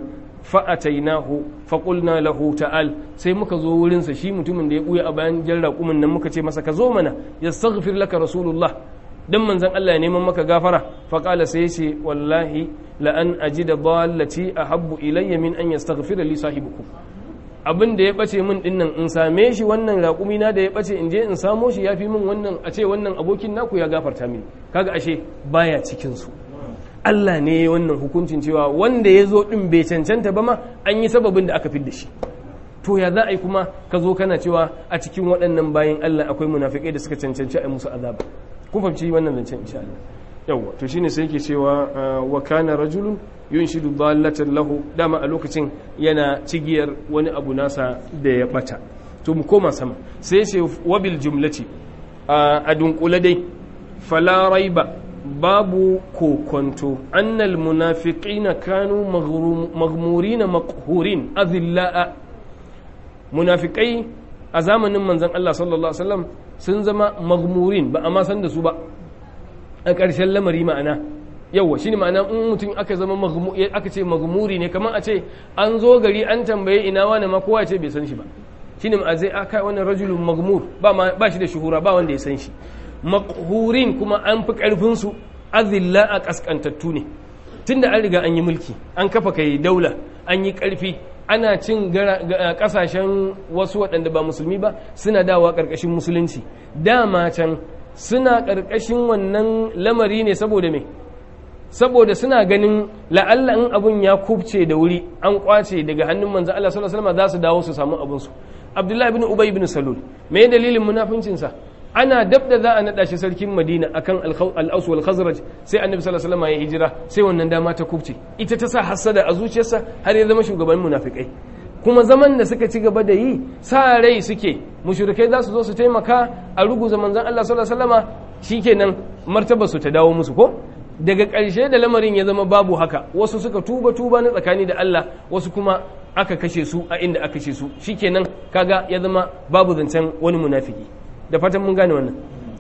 fa'atainahu faqulna lahu ta'al sai muka zo wurin sa shi mutumin da ya buya a bayan jan raƙumin nan muka ce masa ka zo mana yastaghfir laka rasulullah dan manzon Allah ya neman maka gafara fa qala sai ce wallahi la an ajida dallati ahabbu ilayya min an yastaghfira li sahibukum abin da ya bace min dinnan in same shi wannan raƙumi na da ya bace in je in samo shi ya fi min wannan a ce wannan abokin naku ya gafarta min kaga ashe baya cikin su Allah ne wannan hukuncin cewa wanda ya zo din bai cancanta ba ma an yi sababin da aka fidda shi to ya za a yi kuma ka zo kana cewa a cikin waɗannan bayan Allah akwai munafikai da suka cancanci a musu azaba kun fahimci wannan zancen insha Allah yawa to shine sai yake cewa ah, wa kana rajulun yunshidu dallatan lahu dama a lokacin yana cigiyar wani abu nasa da ya bata to mu koma sama sai ce wabil jumlati ah, a dunkule dai fala raiba babu kokonto annal munafiqina kanu maghmurina maqhurin adhilla'a munafiqai a zamanin manzan Allah sallallahu alaihi wasallam sun zama maghmurin ba amma san da su ba a ƙarshen lamari ma'ana yawa shi ne ma'ana in mutum aka zama aka ce magmuri ne kamar a ce an zo gari an tambaye ina wani ma kowa ce bai san shi ba shi ne ma'azai kai wani rajulun maghmur ba shi da shuhura ba wanda ya san shi makhurin kuma an fi ƙarfinsu azilla a ƙasƙantattu ne tunda an riga an yi mulki an kafa kai daula an yi ƙarfi ana cin kasashen wasu waɗanda ba musulmi ba suna dawa ƙarƙashin musulunci dama can suna ƙarƙashin wannan lamari ne saboda me saboda suna ganin la'alla in abun ya kubce da wuri an kwace daga hannun manzan Allah sallallahu alaihi wasallam za su dawo su samu abun su Abdullahi ibn Ubay ibn Salul me dalilin munafincinsa ana dab da za a naɗa shi sarkin madina akan al'asu wal khazraj sai annabi sallallahu alaihi wasallam ya hijira sai wannan dama ta kubce ita ta sa hasada a zuciyarsa har ya zama shugaban munafikai kuma zaman da suka ci gaba da yi sa rai suke mushrikai za su zo su taimaka a ruguza zan Allah sallallahu alaihi wasallam shikenan martaba su ta dawo musu ko daga karshe da lamarin ya zama babu haka wasu suka tuba tuba na tsakani da Allah wasu kuma aka kashe su a inda aka kashe su shikenan kaga ya zama babu zancen wani munafiki da fatan mun gane wannan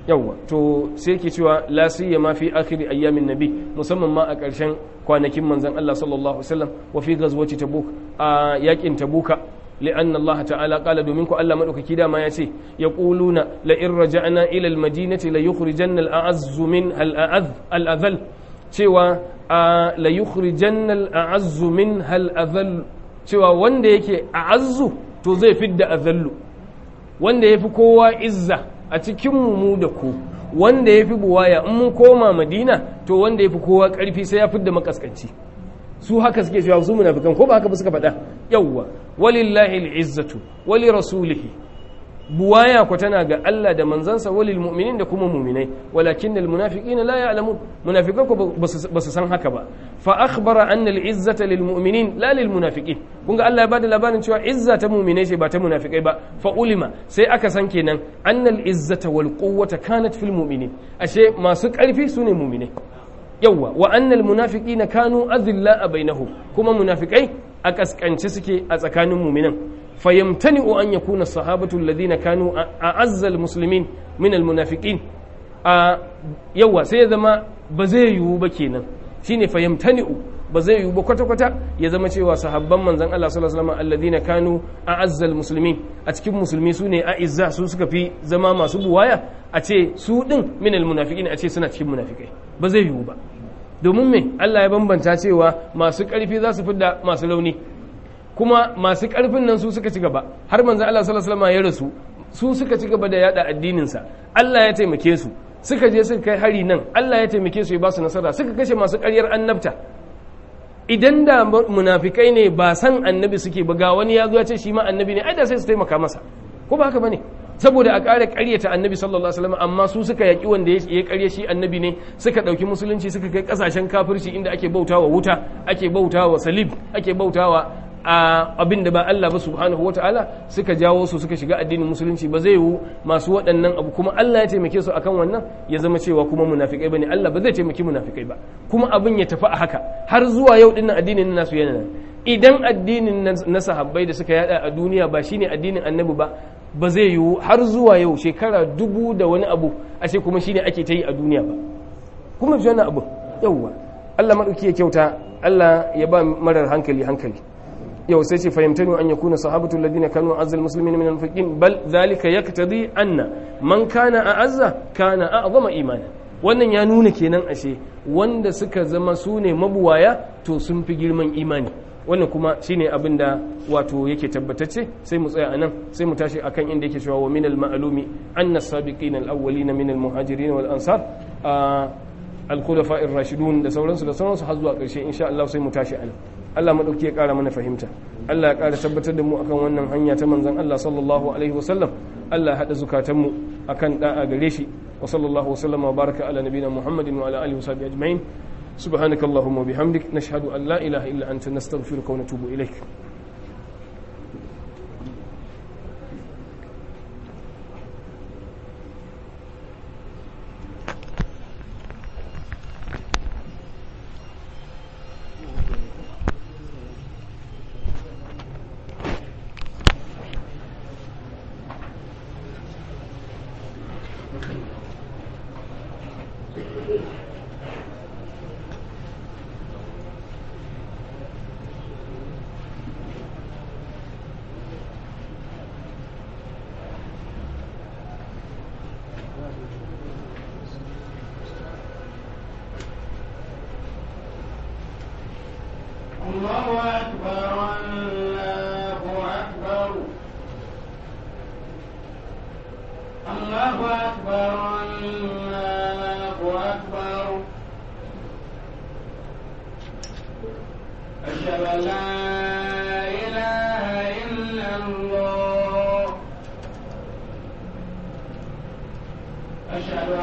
yawwa to sai ke cewa la siya ma fi akhiri ayyamin nabi musamman ma a ƙarshen kwanakin manzon Allah sallallahu alaihi wasallam wa fi ghazwati tabuk a yakin tabuka لأن الله تعالى قال دومينكو ألا مدوك كده ما يتي يقولون لئن رجعنا إلى المدينة ليخرجن الأعز منها الأعذ الأذل cewa a la yukhrijan a'azzu min hal azall cewa wanda yake a'azzu to zai fidda azallu wanda ya fi kowa izza a cikin mu da ku wanda ya fi buwaya in mun koma madina to wanda ya fi kowa ƙarfi sai ya fidda makaskanci su haka suke cewa su munafikan ko ba haka ba suka faɗa yawwa walillahi al'izzatu wali rasulihi buwaya ku tana ga Allah da manzansa walil mu'minin da kuma mu'minai walakin al munafiqina la ya'lamun munafiqan ku ba su san haka ba fa akhbara anna al izzata lil mu'minin la lil munafiqin kun ga Allah ya bada labarin cewa izza ta mu'minai ce ba ta munafiqai ba fa ulima sai aka san kenan anna al izzata wal quwwata kanat fil mu'minin ashe masu karfi sune mu'minai yawwa wa anna al munafiqina kanu adilla bainahum kuma munafiqai a kaskance suke a tsakanin mu'minan fayamtani'u an yakuna sahabatu alladhina kanu a'azzal muslimin min almunafiqin a yawa sai ya zama ba zai yiwu ba kenan shine fayamtani'u ba zai yiwu ba kwata-kwata ya zama cewa sahabban manzan Allah sallallahu alaihi wasallam alladhina kanu a'azzal a cikin musulmi su ne a'izza su suka fi zama masu buwaya a ce su ɗin min almunafiqin a ce suna cikin munafikai ba zai yiwu ba domin me Allah ya bambanta cewa masu karfi za su fidda masu launi kuma masu ƙarfin nan su suka ci gaba har manzo Allah sallallahu alaihi wasallam ya rasu su suka ci gaba da yada addinin sa Allah ya taimake su suka je suka kai hari nan Allah ya taimake su ya ba su nasara suka kashe masu ƙaryar annabta idan da munafikai ne ba san annabi suke ba ga wani ya zo ya ce shi ma annabi ne ai da sai su taimaka masa ko ba haka bane saboda a ƙara ƙaryata annabi sallallahu alaihi wasallam amma su suka yaƙi wanda ya ƙarya shi annabi ne suka ɗauki musulunci suka kai ƙasashen kafirci inda ake bautawa wuta ake bautawa salib ake bautawa a abin da ba Allah ba subhanahu ta'ala suka jawo su suka shiga addinin musulunci ba zai yiwu masu waɗannan abu kuma Allah ya taimake su akan wannan ya zama cewa kuma munafikai bane Allah ba zai taimaki munafikai ba kuma abin ya tafi a haka har zuwa yau dinnan addinin nasu yana nan idan addinin na sahabbai da suka yada a duniya ba shine addinin annabi ba ba zai yiwu har zuwa yau shekara dubu da wani abu a ce kuma shine ake ta yi a duniya ba kuma ji wannan abu yauwa Allah maɗauki ya kyauta Allah ya ba marar hankali hankali yau sai ce fahimtani an yakuna sahabatu alladhina kanu azzal muslimin min al-munafiqin bal dhalika yaqtadi anna man kana a azza kana a'zama imanan wannan ya nuna kenan ashe wanda suka zama su ne mabuwaya to sun fi girman imani wannan kuma shine abin da wato yake tabbatacce sai mu tsaya anan sai mu tashi akan inda yake cewa wa minal ma'lumi anna sabiqin al-awwalin min al-muhajirin wal ansar ah, al-khulafa ar-rashidun da sauransu da sauransu har zuwa karshe insha Allah sai mu tashi anan Allah madauki ya kara mana fahimta Allah ya kara tabbatar da mu akan wannan hanya ta manzon Allah sallallahu alaihi wasallam Allah ya hada zukatan mu akan da'a gare shi wa sallallahu wasallam wa baraka ala nabiyina Muhammadin wa ala alihi wa ajma'in subhanakallahumma wa bihamdik nashhadu an la ilaha illa anta nastaghfiruka wa natubu ilaik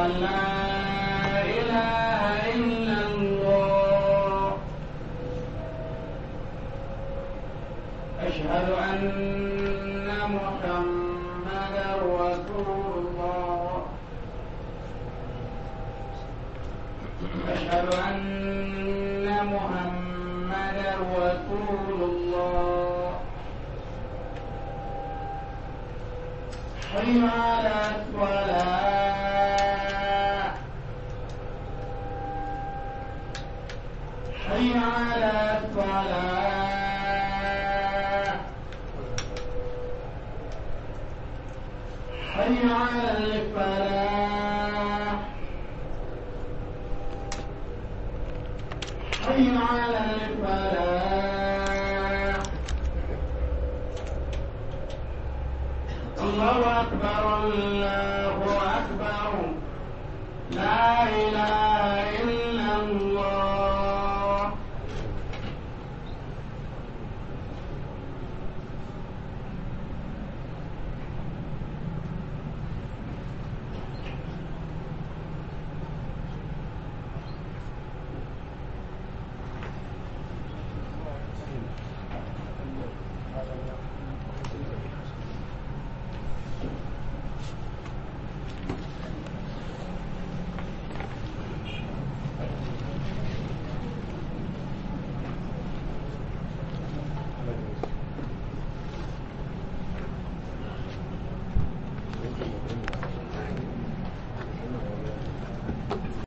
وَالنَّارِ